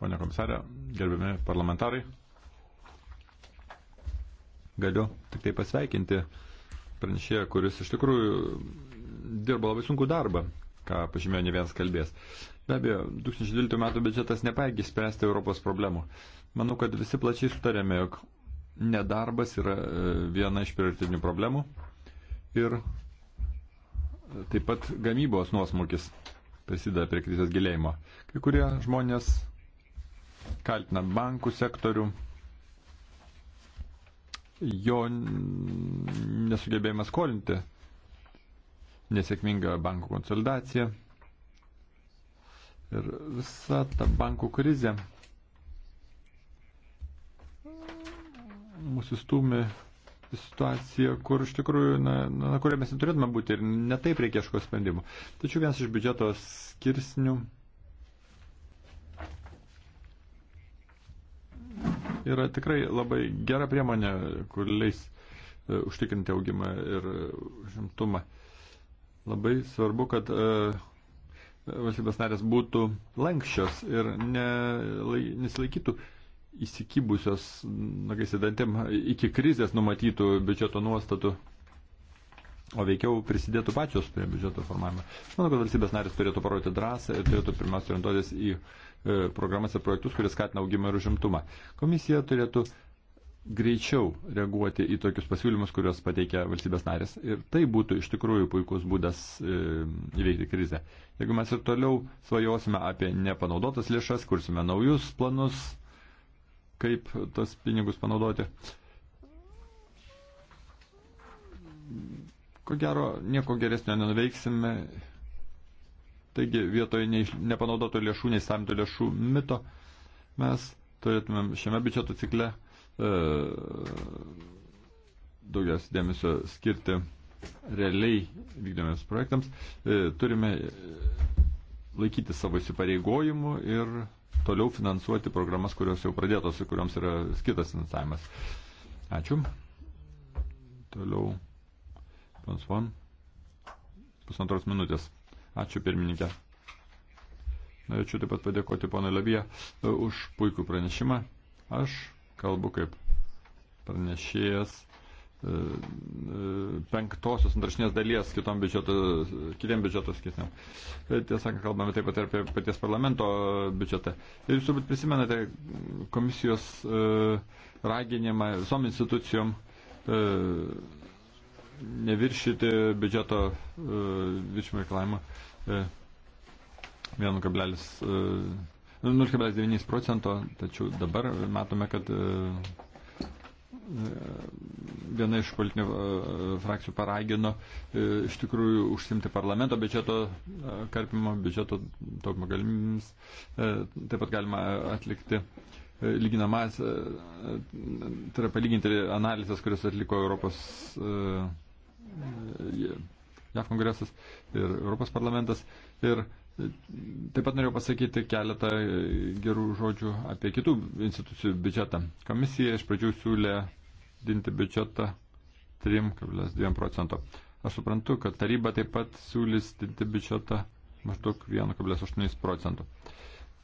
Pone komisarė, gerbiami parlamentarai, galiu tik tai pasveikinti pranešėją, kuris iš tikrųjų dirba labai sunku darbą, ką pažymėjo ne vienas kalbės. Be abejo, 2012 metų biudžetas nepaėgė spręsti Europos problemų. Manau, kad visi plačiai sutarėme, jog nedarbas yra e, viena iš prioritetinių problemų ir e, taip pat gamybos nuosmukis prisideda prie krizės gilėjimo. Kai kurie žmonės kaltinant bankų sektorių, jo nesugebėjimas skolinti, nesėkminga bankų konsolidacija ir visa ta bankų krizė mūsų stumė situacija, kur iš tikrųjų, na, na kurią mes neturėtume būti ir netaip reikia ieškoti sprendimų. Tačiau vienas iš biudžeto skirsnių yra tikrai labai gera priemonė, kur leis e, užtikrinti augimą ir žimtumą. Labai svarbu, kad e, valstybės narės būtų lankščios ir ne, nesilaikytų įsikibusios, nagais įdantėm, iki krizės numatytų biudžeto nuostatų, o veikiau prisidėtų pačios prie biudžeto formavimo. Aš manau, kad valstybės narės turėtų parodyti drąsą ir turėtų pirmiausia orientuotis į uh, E, programas ir projektus, kurie skatina augimą ir užimtumą. Komisija turėtų greičiau reaguoti į tokius pasiūlymus, kuriuos pateikia valstybės narės. Ir tai būtų iš tikrųjų puikus būdas e, įveikti krizę. Jeigu mes ir toliau svajosime apie nepanaudotas lėšas, kursime naujus planus, kaip tas pinigus panaudoti, ko gero nieko geresnio nenuveiksime Taigi vietoje ne, nepanaudoto lėšų, neįsamto lėšų mito mes turėtumėm šiame biudžeto cikle e, daugiausiai dėmesio skirti realiai vykdomiems projektams. E, turime e, laikyti savo įsipareigojimų ir toliau finansuoti programas, kurios jau pradėtos ir kuriuoms yra skirtas finansavimas. Ačiū. Toliau. Pans Von. Pusantros minutės. Ačiū pirmininkė. Norėčiau taip pat padėkoti pono Levyje e, už puikų pranešimą. Aš kalbu kaip pranešėjas e, e, penktosios antrašinės dalies kitom biudžeto, kitiem biudžeto skirtiniam. Tiesą kalbame taip pat ir apie paties parlamento biudžetą. Ir jūs turbūt prisimenate komisijos raginimą visom institucijom neviršyti biudžeto e, viršimo reikalavimo 1,9 e, e, procento, tačiau dabar matome, kad viena iš politinių frakcijų paragino iš tikrųjų užsimti parlamento biudžeto karpimo, biudžeto taupimo galimybėms. Taip pat galima atlikti lyginamas, tai yra palyginti analizės, kurias atliko Europos E, JAV kongresas ir Europos parlamentas. Ir taip pat norėjau pasakyti keletą gerų žodžių apie kitų institucijų biudžetą. Komisija iš pradžių siūlė dinti biudžetą 3,2 procento. Aš suprantu, kad taryba taip pat siūlys dinti biudžetą maždaug 1,8 procentų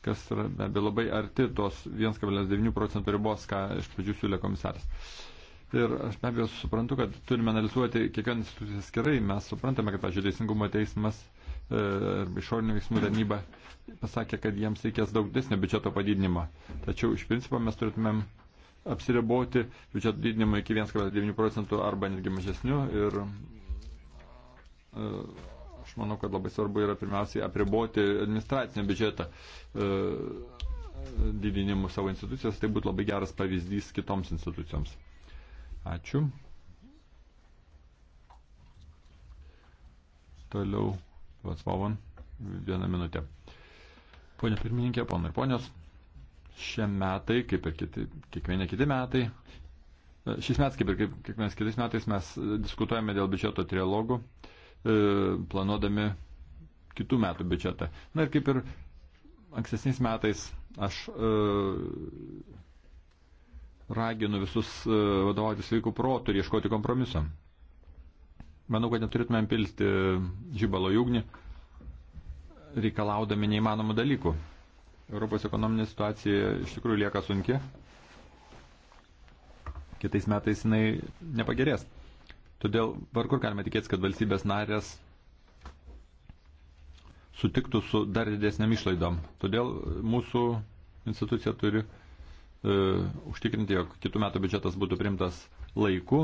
kas yra be abejo labai arti tos 1,9 procentų ribos, ką iš pradžių siūlė komisaras. Ir aš be abejo suprantu, kad turime analizuoti kiekvieną instituciją skirai. Mes suprantame, kad, pažiūrėjau, Teisingumo teismas ir e, išorinių veiksmų tarnyba pasakė, kad jiems reikės daug didesnio biudžeto padidinimo. Tačiau iš principo mes turėtumėm apsiriboti biudžeto didinimo iki 1,9 procentų arba netgi mažesniu. Ir e, aš manau, kad labai svarbu yra pirmiausiai apriboti administracinę biudžetą e, didinimu savo institucijos. Tai būtų labai geras pavyzdys kitoms institucijoms. Ačiū. Toliau Vatsvovan, vieną minutę. Pone pirmininkė, ponai ponios, šie metai, kaip ir kiti, kiekvieni kiti metai, šis metas, kaip ir kaip, kiekvienais kitais metais, mes diskutuojame dėl biudžeto trilogų, e, planuodami kitų metų biudžetą. Na ir kaip ir ankstesniais metais aš e, raginu visus e, vadovauti sveikų protų ir ieškoti kompromiso. Manau, kad neturėtumėm pilti žybalo jūgnį, reikalaudami neįmanomų dalykų. Europos ekonominė situacija iš tikrųjų lieka sunki. Kitais metais jinai nepagerės. Todėl vargur galime tikėtis, kad valstybės narės sutiktų su dar didesniam išlaidom. Todėl mūsų institucija turi uh, E, užtikrinti, jog kitų metų biudžetas būtų primtas laiku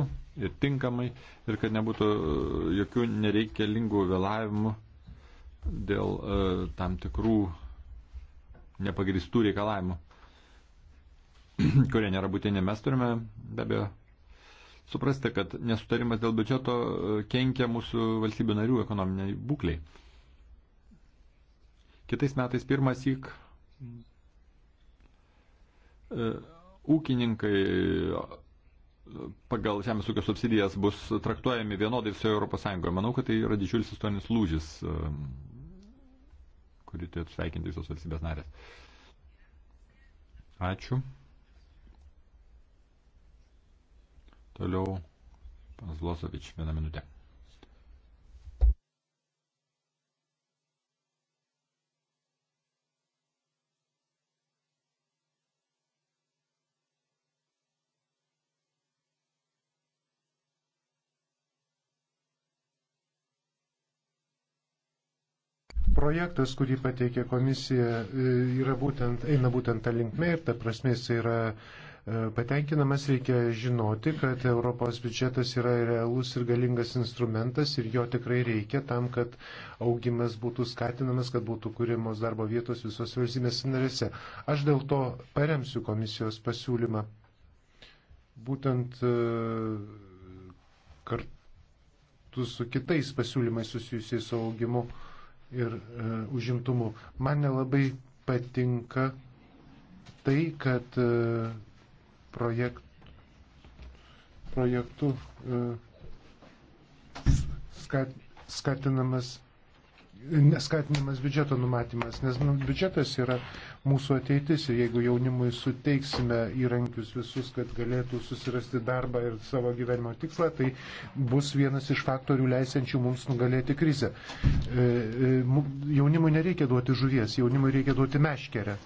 ir tinkamai ir kad nebūtų e, jokių nereikalingų vėlavimų dėl e, tam tikrų nepagristų reikalavimų, kurie nėra būtini. Mes turime be abejo suprasti, kad nesutarimas dėl biudžeto e, kenkia mūsų valstybių narių ekonominiai būkliai. Kitais metais pirmas įk E, ūkininkai e, pagal žemės ūkio subsidijas bus traktuojami vienodai visoje Europos Sąjungoje. Manau, kad tai yra didžiulis istorinis lūžis, e, kurį turėtų sveikinti visos valstybės narės. Ačiū. Toliau, panas Vlosovič, vieną minutę. projektas, kurį pateikė komisija, e, yra būtent, eina būtent tą linkmę ir ta prasme jis yra e, patenkinamas. Reikia žinoti, kad Europos biudžetas yra realus ir galingas instrumentas ir jo tikrai reikia tam, kad augimas būtų skatinamas, kad būtų kūrimos darbo vietos visos valstybės narėse. Aš dėl to paremsiu komisijos pasiūlymą. Būtent e, kartu su kitais pasiūlymais susijusiais su augimu ir e, užimtumu. Man nelabai patinka tai, kad e, projekt, projektų e, skat, skatinamas neskatinamas biudžeto numatymas, nes nu, biudžetas yra mūsų ateitis ir jeigu jaunimui suteiksime įrankius visus, kad galėtų susirasti darbą ir savo gyvenimo tikslą, tai bus vienas iš faktorių leisiančių mums nugalėti krizę. E, e, jaunimui nereikia duoti žuvies, jaunimui reikia duoti meškerę.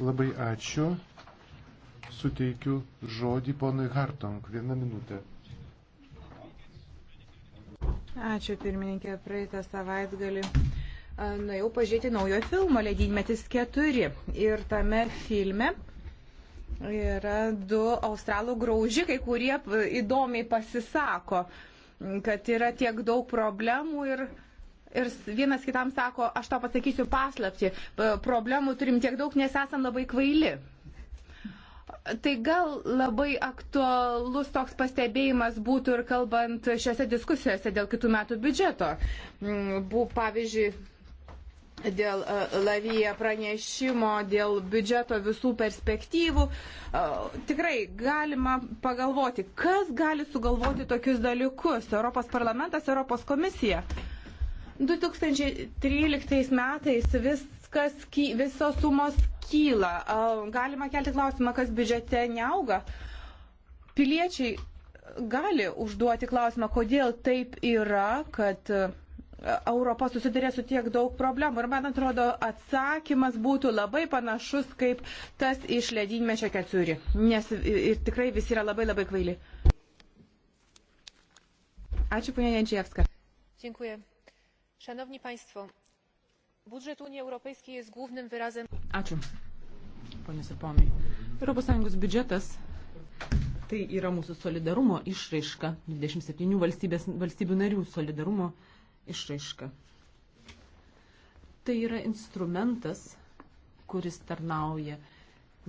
Labai ačiū. Suteikiu žodį ponui Hartong. Vieną minutę. Ačiū pirmininkė, praeitą savaitgalį nuėjau pažiūrėti naujo filmo Ledynmetis 4. Ir tame filme yra du australų graužikai, kurie įdomiai pasisako, kad yra tiek daug problemų ir ir vienas kitam sako, aš tau pasakysiu paslapti, problemų turim tiek daug, nes esam labai kvaili. Tai gal labai aktualus toks pastebėjimas būtų ir kalbant šiuose diskusijose dėl kitų metų biudžeto. Mm, Buvo, pavyzdžiui, dėl e, Lavija pranešimo, dėl biudžeto visų perspektyvų. E, tikrai galima pagalvoti, kas gali sugalvoti tokius dalykus. Europos parlamentas, Europos komisija. 2013 metais viskas, visos sumos kyla. E, galima kelti klausimą, kas biudžete neauga. Piliečiai gali užduoti klausimą, kodėl taip yra, kad Europa susidurė su tiek daug problemų. Ir man atrodo, atsakymas būtų labai panašus kaip tas iš ledynmečio keturi. Nes ir tikrai visi yra labai labai kvaili. Ačiū, ponia Jandžievska. Dziękuję. Szanowni Państwo, budżet Unii Europejskiej jest głównym wyrazem. Ačiū, ponios ir ponai. ES biudžetas tai yra mūsų solidarumo išraiška, 27 valstybės, valstybių narių solidarumo išraiška išraiška. Tai yra instrumentas, kuris tarnauja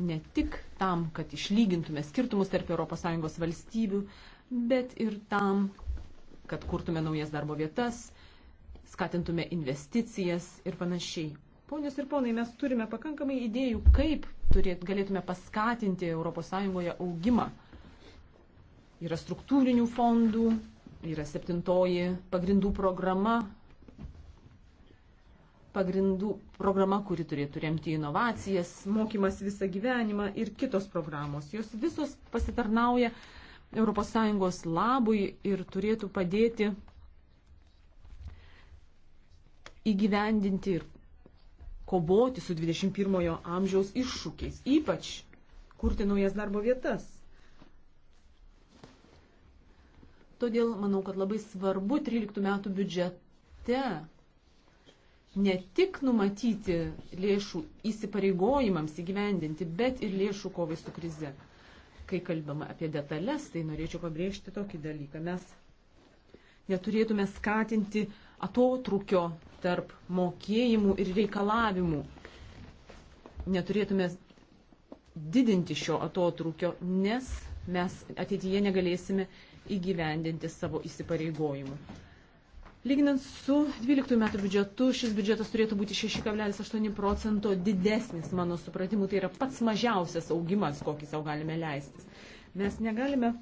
ne tik tam, kad išlygintume skirtumus tarp ES valstybių, bet ir tam, kad kurtume naujas darbo vietas, skatintume investicijas ir panašiai. Ponios ir ponai, mes turime pakankamai idėjų, kaip turėt, galėtume paskatinti ES augimą. Yra struktūrinių fondų, yra septintoji pagrindų programa, pagrindų programa, kuri turėtų remti inovacijas, mokymas visą gyvenimą ir kitos programos. Jos visos pasitarnauja ES labui ir turėtų padėti įgyvendinti ir kovoti su 21-ojo amžiaus iššūkiais, ypač kurti naujas darbo vietas. Todėl manau, kad labai svarbu 13 metų biudžete ne tik numatyti lėšų įsipareigojimams įgyvendinti, bet ir lėšų kovai su krize. Kai kalbama apie detalės, tai norėčiau pabrėžti tokį dalyką. Mes neturėtume skatinti atotrukio tarp mokėjimų ir reikalavimų. Neturėtume didinti šio atotrukio, nes mes ateityje negalėsime įgyvendinti savo įsipareigojimų. Lyginant su 12 metų biudžetu, šis biudžetas turėtų būti 6,8 procento didesnis, mano supratimu, tai yra pats mažiausias augimas, kokį savo galime leisti. Mes negalime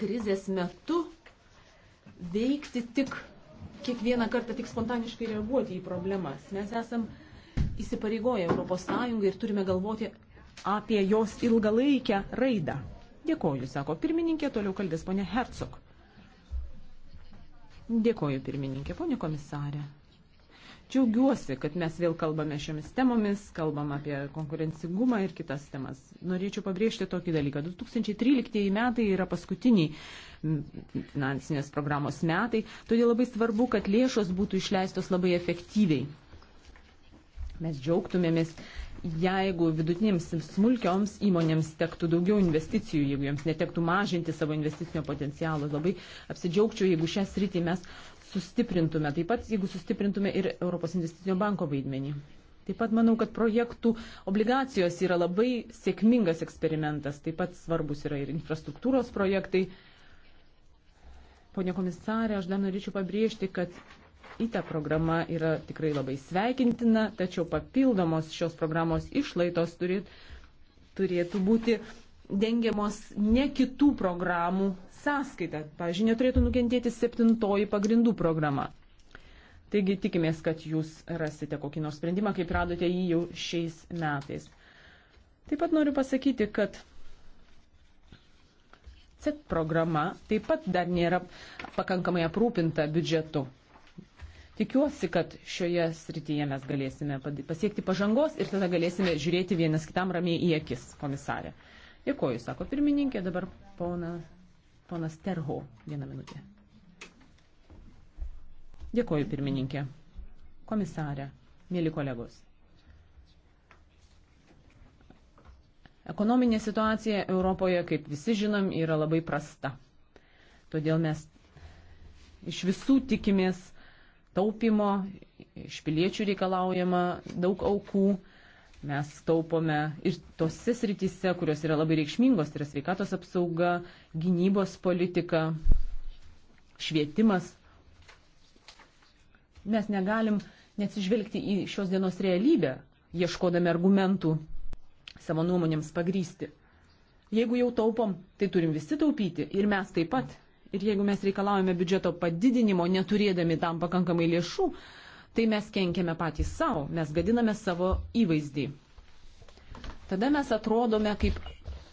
krizės metu veikti tik kiekvieną kartą, tik spontaniškai reaguoti į problemas. Mes esam įsipareigoję ES ir turime galvoti apie jos ilgalaikę raidą. Dėkoju, sako pirmininkė, toliau kalbės ponė Hercog. Dėkoju, pirmininkė, ponė komisarė. Džiaugiuosi, kad mes vėl kalbame šiomis temomis, kalbam apie konkurencingumą ir kitas temas. Norėčiau pabrėžti tokį dalyką. 2013 metai yra paskutiniai finansinės programos metai, todėl labai svarbu, kad lėšos būtų išleistos labai efektyviai. Mes džiaugtumėmės jeigu vidutinėms smulkioms įmonėms tektų daugiau investicijų, jeigu joms netektų mažinti savo investicinio potencialo, labai apsidžiaugčiau, jeigu šią sritį mes sustiprintume, taip pat jeigu sustiprintume ir Europos investicinio banko vaidmenį. Taip pat manau, kad projektų obligacijos yra labai sėkmingas eksperimentas, taip pat svarbus yra ir infrastruktūros projektai. Pone komisarė, aš dar norėčiau pabrėžti, kad ITA programa yra tikrai labai sveikintina, tačiau papildomos šios programos išlaidos turėt, turėtų būti dengiamos ne kitų programų sąskaita. Pavyzdžiui, neturėtų nukentėti septintoji pagrindų programa. Taigi tikimės, kad jūs rasite kokį nors sprendimą, kaip radote jį jau šiais metais. Taip pat noriu pasakyti, kad CET programa taip pat dar nėra pakankamai aprūpinta biudžetu. Tikiuosi, kad šioje srityje mes galėsime pasiekti pažangos ir tada galėsime žiūrėti vienas kitam ramiai į akis, komisarė. Dėkoju, sako pirmininkė, dabar pona, ponas Terho, vieną minutę. Dėkoju, pirmininkė. Komisarė, mėly kolegos. Ekonominė situacija Europoje, kaip visi žinom, yra labai prasta. Todėl mes iš visų tikimės taupimo, iš piliečių reikalaujama daug aukų. Mes taupome ir tose srityse, kurios yra labai reikšmingos, tai yra sveikatos apsauga, gynybos politika, švietimas. Mes negalim neatsižvelgti į šios dienos realybę, ieškodami argumentų savo nuomonėms pagrysti. Jeigu jau taupom, tai turim visi taupyti ir mes taip pat. Ir jeigu mes reikalaujame biudžeto padidinimo, neturėdami tam pakankamai lėšų, tai mes kenkiame patys savo, mes gadiname savo įvaizdį. Tada mes atrodome kaip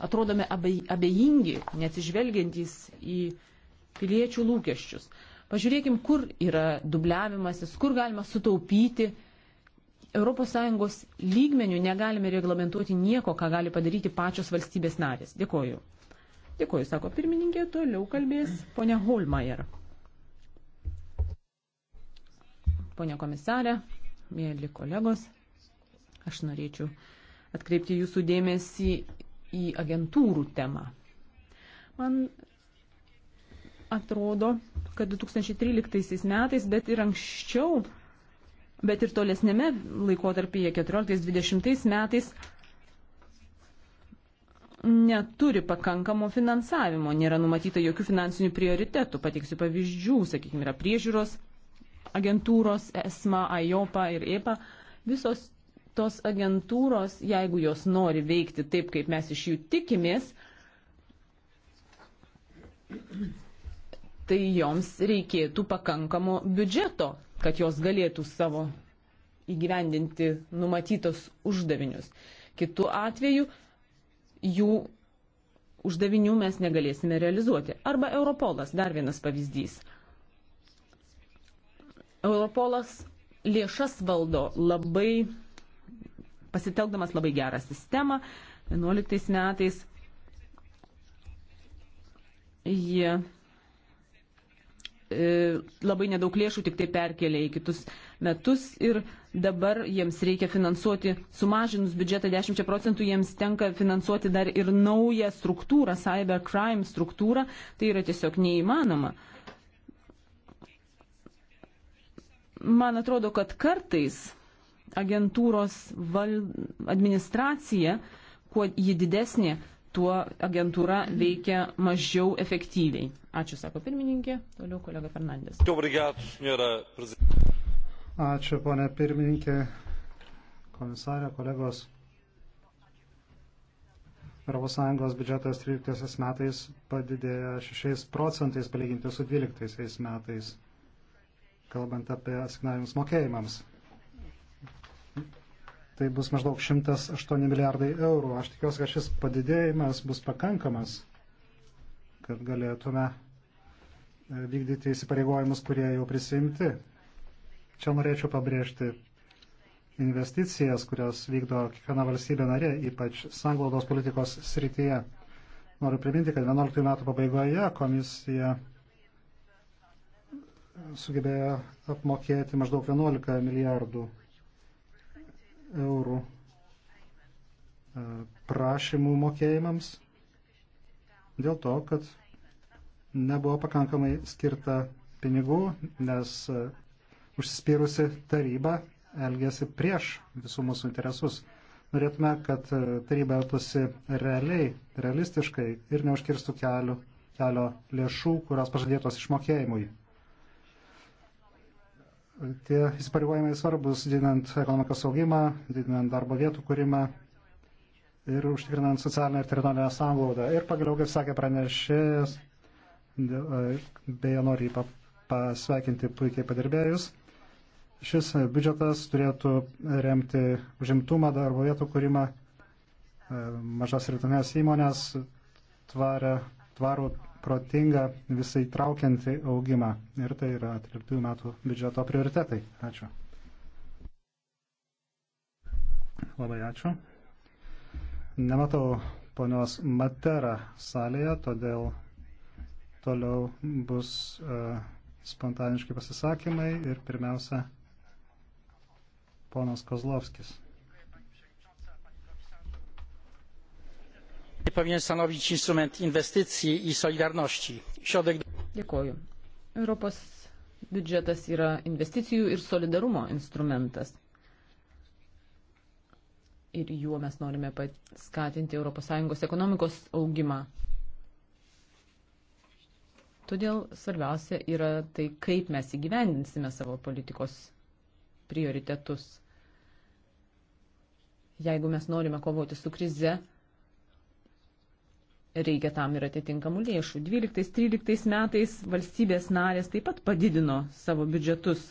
atrodome abejingi, neatsižvelgiantys į piliečių lūkesčius. Pažiūrėkim, kur yra dubliavimasis, kur galima sutaupyti. ES lygmenių negalime reglamentuoti nieko, ką gali padaryti pačios valstybės narės. Dėkoju. Dėkuoju, sako pirmininkė, toliau kalbės ponia Holmeier. Pone komisarė, mėly kolegos, aš norėčiau atkreipti jūsų dėmesį į agentūrų temą. Man atrodo, kad 2013 metais, bet ir anksčiau, bet ir tolesnėme laikotarpyje 14-20 metais neturi pakankamo finansavimo, nėra numatyta jokių finansinių prioritetų. Pateiksiu pavyzdžių, sakykime, yra priežiūros agentūros ESMA, AJOPA ir EPA. Visos tos agentūros, jeigu jos nori veikti taip, kaip mes iš jų tikimės, tai joms reikėtų pakankamo biudžeto, kad jos galėtų savo įgyvendinti numatytos uždavinius. Kitu atveju jų uždavinių mes negalėsime realizuoti. Arba Europolas, dar vienas pavyzdys. Europolas lėšas valdo labai, pasitelkdamas labai gerą sistemą. 11 metais jie e, labai nedaug lėšų tik tai perkelia į kitus metus ir dabar jiems reikia finansuoti, sumažinus biudžetą 10 procentų, jiems tenka finansuoti dar ir naują struktūrą, cybercrime struktūrą, tai yra tiesiog neįmanoma. Man atrodo, kad kartais agentūros val... administracija, kuo ji didesnė, tuo agentūra veikia mažiau efektyviai. Ačiū, sako pirmininkė. Toliau kolega Fernandės. Ačiū, ponė pirmininkė, komisarė, kolegos. ES biudžetas 13 metais padidėjo 6 procentais palyginti su 12 metais, kalbant apie asignavimus mokėjimams. Tai bus maždaug 108 milijardai eurų. Aš tikiuosi, kad šis padidėjimas bus pakankamas, kad galėtume vykdyti įsipareigojimus, kurie jau prisimti. Čia norėčiau pabrėžti investicijas, kurias vykdo kiekviena valstybė narė, ypač sanglaudos politikos srityje. Noriu priminti, kad 11 metų pabaigoje komisija sugebėjo apmokėti maždaug 11 milijardų eurų e, prašymų mokėjimams dėl to, kad nebuvo pakankamai skirta pinigų, nes e, užsispyrusi taryba elgėsi prieš visų mūsų interesus. Norėtume, kad e, taryba elgtųsi realiai, realistiškai ir neužkirstų kelių, kelio lėšų, kurios pažadėtos išmokėjimui. Tie įsipareigojimai svarbus didinant ekonomikos augimą, didinant darbo vietų kūrimą ir užtikrinant socialinę ir teritorinę sąnglaudą. Ir pagaliau, kaip sakė pranešėjas, e, beje, noriu pasveikinti puikiai padirbėjus Šis biudžetas turėtų remti užimtumą, darbo vietų kūrimą, e, mažas ir vidutinės įmonės, tvarę, tvarų, protingą, visai traukiantį augimą. Ir tai yra 13 metų biudžeto prioritetai. Ačiū. Labai ačiū. Nematau ponios Matera salėje, todėl toliau bus uh, spontaniški pasisakymai ir pirmiausia ponas Kozlovskis. powinien stanowić instrument inwestycji i solidarności. Środek... Dėkoju. Europos biudžetas yra investicijų ir solidarumo instrumentas. Ir juo mes norime paskatinti ES ekonomikos augimą. Todėl svarbiausia yra tai, kaip mes įgyvendinsime savo politikos prioritetus. Jeigu mes norime kovoti su krize, reikia tam ir atitinkamų lėšų. 12-13 metais valstybės narės taip pat padidino savo biudžetus.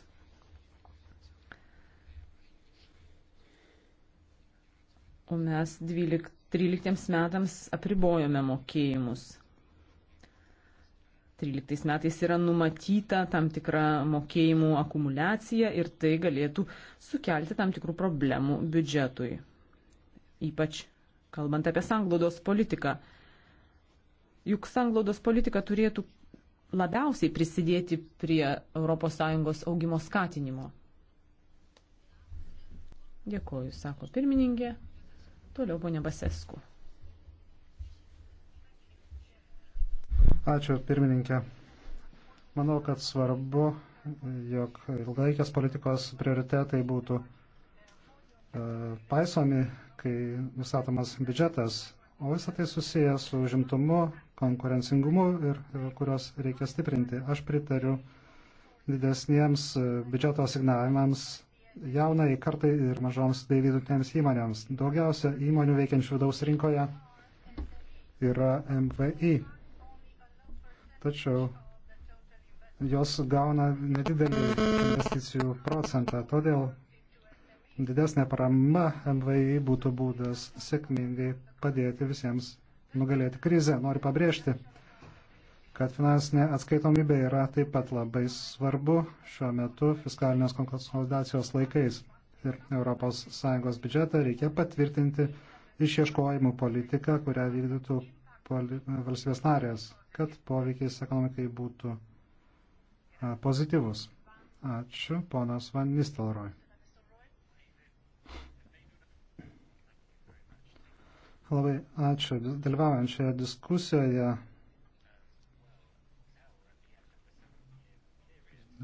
O mes 12-13 metams apribojome mokėjimus. 13 metais yra numatyta tam tikra mokėjimų akumulacija ir tai galėtų sukelti tam tikrų problemų biudžetui ypač kalbant apie sanglaudos politiką. Juk sanglaudos politika turėtų labiausiai prisidėti prie ES augimo skatinimo. Dėkoju, sako pirmininkė. Toliau ponė Basesku. Ačiū, pirmininkė. Manau, kad svarbu, jog ilgalaikės politikos prioritetai būtų E, paisomi, kai nustatomas biudžetas, o visą tai susiję su žimtumu, konkurencingumu ir e, kurios reikia stiprinti. Aš pritariu didesniems e, biudžeto asignavimams jaunai kartai ir mažoms bei vidutinėms įmonėms. Daugiausia įmonių veikiančių vidaus rinkoje yra MVI. Tačiau jos gauna nedidelį investicijų procentą. Todėl Didesnė parama MVI būtų būdas sėkmingai padėti visiems nugalėti krizę. Noriu pabrėžti, kad finansinė atskaitomybė yra taip pat labai svarbu šiuo metu fiskalinės konsolidacijos laikais. Ir ES biudžetą reikia patvirtinti išieškojimų politiką, kurią vykdytų valstybės narės, kad poveikis ekonomikai būtų pozityvus. Ačiū, ponas Van Nistelroj. Labai ačiū dalyvaujančioje diskusijoje.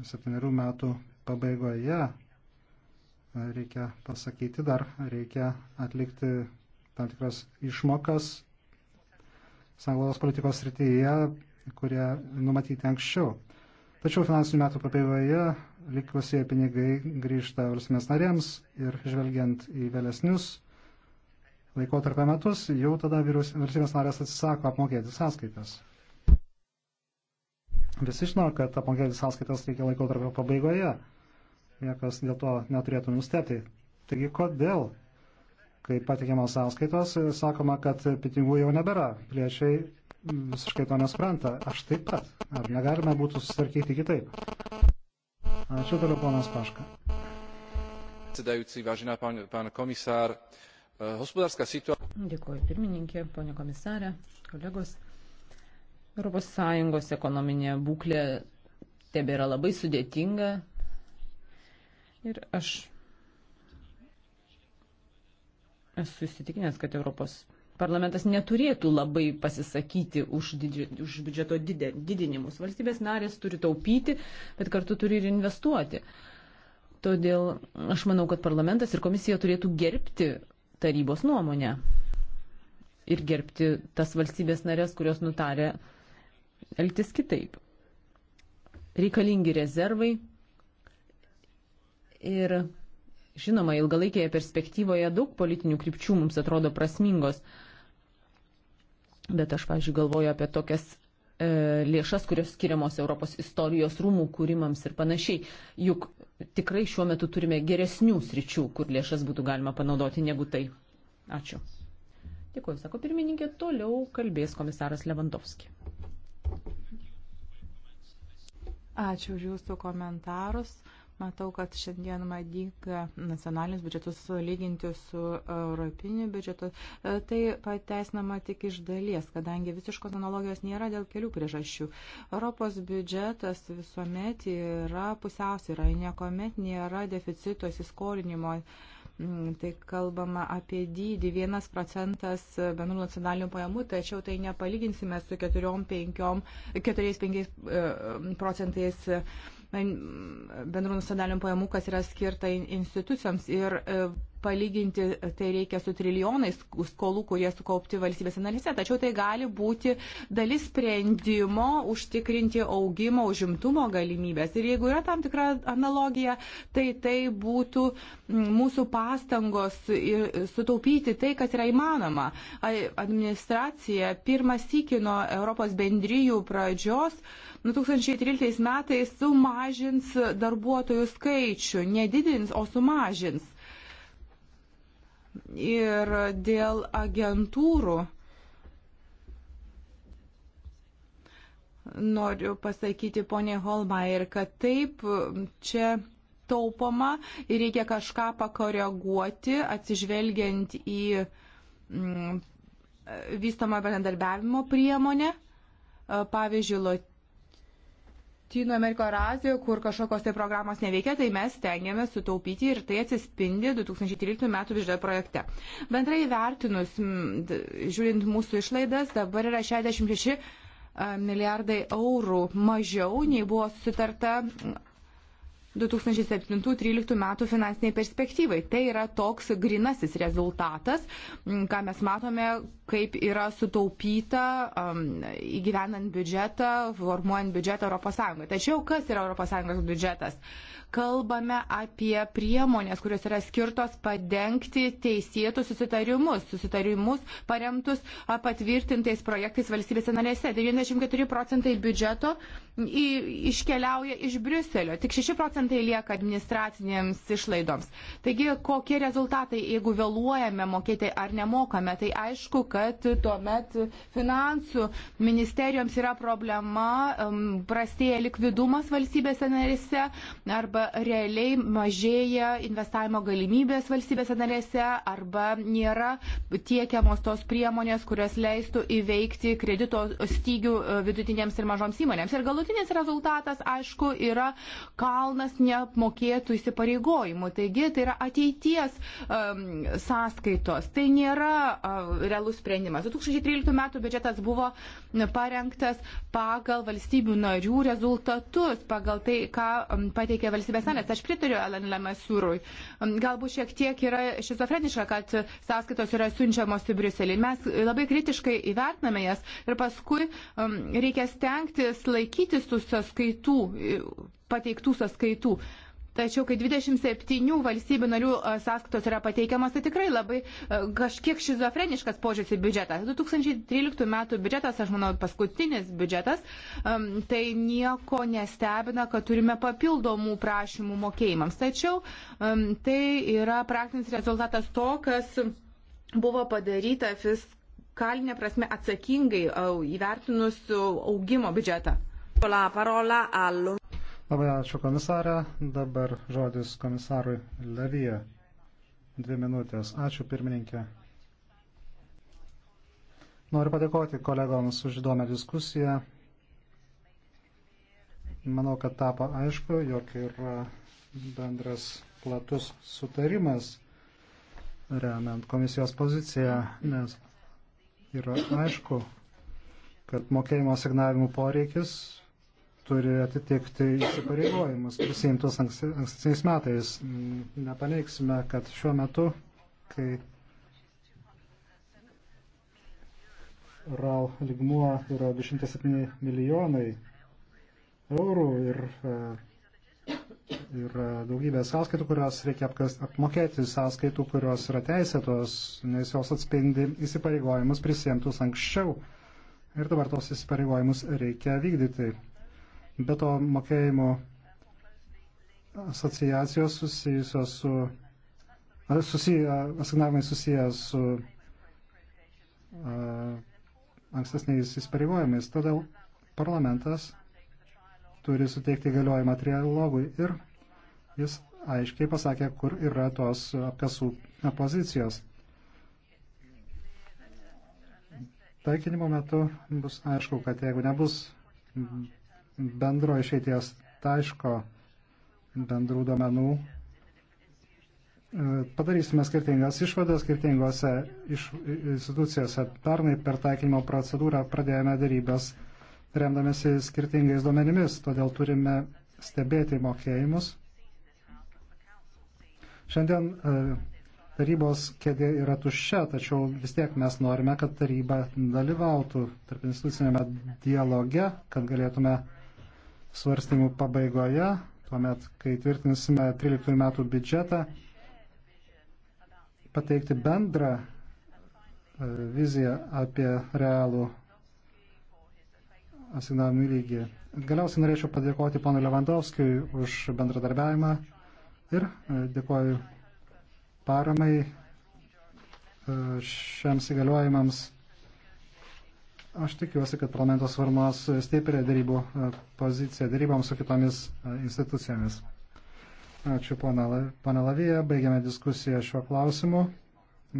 Septynerių metų pabaigoje reikia pasakyti dar, reikia atlikti tam tikras išmokas sanglaus politikos srityje, kurie numatyti anksčiau. Tačiau finansinių metų pabaigoje likusieji pinigai grįžta valstybės narėms ir žvelgiant į vėlesnius laikotarpio metus, jau tada valstybės narės atsisako apmokėti sąskaitas. Visi žino, kad apmokėti sąskaitas reikia laikotarpio pabaigoje. Niekas dėl to neturėtų nustebti. Taigi kodėl, kai patikiamos sąskaitos, sakoma, kad pinigų jau nebėra. Pliečiai visiškai to nespranta. Aš taip pat. Ar negalime būtų susitvarkyti kitaip? Ačiū toliau, ponas Paška. Pán komisár, E, hospodárska situacija. Dėkuoju pirmininkė, ponė komisarė, kolegos. ES ekonominė būklė tebėra labai sudėtinga. Ir aš esu įsitikinęs, kad Europos parlamentas neturėtų labai pasisakyti už, didži, už biudžeto didinimus. Valstybės narės turi taupyti, bet kartu turi ir investuoti. Todėl aš manau, kad parlamentas ir komisija turėtų gerbti tarybos nuomonę ir gerbti tas valstybės narės, kurios nutarė elgtis kitaip. Reikalingi rezervai ir, žinoma, ilgalaikėje perspektyvoje daug politinių krypčių mums atrodo prasmingos, bet aš, pažiūrėjau, galvoju apie tokias E, lėšas, kurios skiriamos Europos istorijos rūmų kūrimams ir panašiai. Juk tikrai šiuo metu turime geresnių sričių, kur lėšas būtų galima panaudoti negu tai. Ačiū. Dėkuoju, sako pirmininkė, toliau kalbės komisaras Levandovski. Ačiū už jūsų komentarus. Matau, kad šiandien madinga nacionalinius biudžetus lyginti su europiniu biudžetu. E, tai pateisinama tik iš dalies, kadangi visiškos analogijos nėra dėl kelių priežasčių. Europos biudžetas visuomet yra pusiausvyra, niekuomet nėra deficito įsiskolinimo. Mm, tai kalbama apie dydį 1 procentas bendrų nacionalinių pajamų, tačiau tai nepalyginsime su 4-5 e, procentais bendrų nusadalių pajamų, kas yra skirta institucijoms. Ir e, palyginti tai reikia su trilijonais skolų, kurie sukaupti valstybės analise. Tačiau tai gali būti dalis sprendimo užtikrinti augimo, užimtumo galimybės. Ir jeigu yra tam tikra analogija, tai tai būtų mūsų pastangos sutaupyti tai, kas yra įmanoma. Administracija pirmą sykino Europos bendryjų pradžios 2013 metais sumažins darbuotojų skaičių, nedidins, o sumažins ir dėl agentūrų. Noriu pasakyti ponė Holmaier, kad taip čia taupoma ir reikia kažką pakoreguoti, atsižvelgiant į mm, vystamą bendradarbiavimo priemonę, pavyzdžiui, Latino Amerikoje ar Azijoje, kur kažkokios tai programos neveikia, tai mes stengiamės sutaupyti ir tai atsispindi 2013 metų biudžeto projekte. Bendrai vertinus, žiūrint mūsų išlaidas, dabar yra 66 e, milijardai eurų mažiau, nei buvo sutarta 2007-2013 metų finansiniai perspektyvai. Tai yra toks grinasis rezultatas, ką mes matome, kaip yra sutaupyta um, įgyvenant biudžetą, formuojant biudžetą ES. Tačiau kas yra ES biudžetas? Kalbame apie priemonės, kurios yra skirtos padengti teisėtus susitarimus, susitarimus paremtus patvirtintais projektais valstybėse narėse. 94 procentai biudžeto į, iškeliauja iš Briuselio, tik 6 procentai lieka administracinėms išlaidoms. Taigi, kokie rezultatai, jeigu vėluojame mokėti ar nemokame, tai aišku, kad kad tuomet finansų ministerijoms yra problema, prastėja likvidumas valstybėse narėse arba realiai mažėja investavimo galimybės valstybėse narėse arba nėra tiekiamos tos priemonės, kurios leistų įveikti kredito stygių e, vidutinėms ir mažoms įmonėms. Ir galutinis rezultatas, aišku, yra kalnas neapmokėtų įsipareigojimų. Taigi tai yra ateities um, sąskaitos. Tai nėra uh, realus sprendimas. 2013 metų biudžetas buvo parengtas pagal valstybių narių rezultatus, pagal tai, ką pateikė valstybės narės. Aš pritariu Alan Lemesūrui. Galbūt šiek tiek yra šizofreniška, kad sąskaitos yra siunčiamos į Briuselį. Mes labai kritiškai įvertiname jas ir paskui reikia stengtis laikytis tų sąskaitų pateiktų sąskaitų. Tačiau, kai 27 valstybių narių e, sąskaitos yra pateikiamas, tai tikrai labai e, kažkiek šizofreniškas požiūris į biudžetą. 2013 metų biudžetas, aš manau, paskutinis biudžetas, tai nieko nestebina, kad turime papildomų prašymų mokėjimams. Tačiau tai yra praktinis rezultatas to, kas buvo padaryta fiskalinė prasme atsakingai įvertinus augimo biudžetą. La parola all'on. Labai ačiū komisarė. Dabar žodis komisarui Levija. Dvi minutės. Ačiū pirmininkė. Noriu padėkoti kolegoms už įdomią diskusiją. Manau, kad tapo aišku, jog yra bendras platus sutarimas remiant komisijos poziciją, nes yra aišku, kad mokėjimo signavimų poreikis turi atitikti įsipareigojimus prisimtus ankstesniais metais. Mm, Nepaneiksime, kad šiuo metu, kai RAL ligmuo yra 207 milijonai eurų ir e, ir daugybė sąskaitų, kurios reikia apmokėti, sąskaitų, kurios yra teisėtos, nes jos atspindi įsipareigojimus prisėmtus anksčiau. Ir dabar tos įsipareigojimus reikia vykdyti. Be to mokėjimo asociacijos susijusios su susiję, asignavimai susiję su uh, ankstesniais įsipareigojimais. Todėl parlamentas turi suteikti galiojimą trialogui ir jis aiškiai pasakė, kur yra tos apkasų pozicijos. Taikinimo metu bus aišku, kad jeigu nebus bendro išeities taško, bendrų domenų. E, padarysime skirtingas išvadas skirtingose iš, institucijose. Pernai per taikymo procedūrą pradėjome darybas remdamėsi skirtingais duomenimis, todėl turime stebėti mokėjimus. Šiandien e, tarybos kėdė yra tuščia, tačiau vis tiek mes norime, kad taryba dalyvautų tarp institucinėme dialoge, kad galėtume svarstymų pabaigoje, tuomet, kai tvirtinsime 13 metų biudžetą, pateikti bendrą e, viziją apie realų asignavimų lygį. Galiausiai norėčiau padėkoti ponui Levandovskijui už bendradarbiavimą ir e, dėkoju paramai e, šiems įgaliojimams Aš tikiuosi, kad parlamentas formuos stiprią darybų e, poziciją daryboms su kitomis e, institucijomis. Ačiū, pana Lavija. Baigiame diskusiją šiuo klausimu.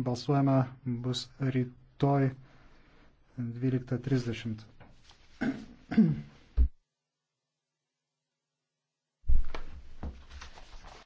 Balsuojama bus rytoj 12.30.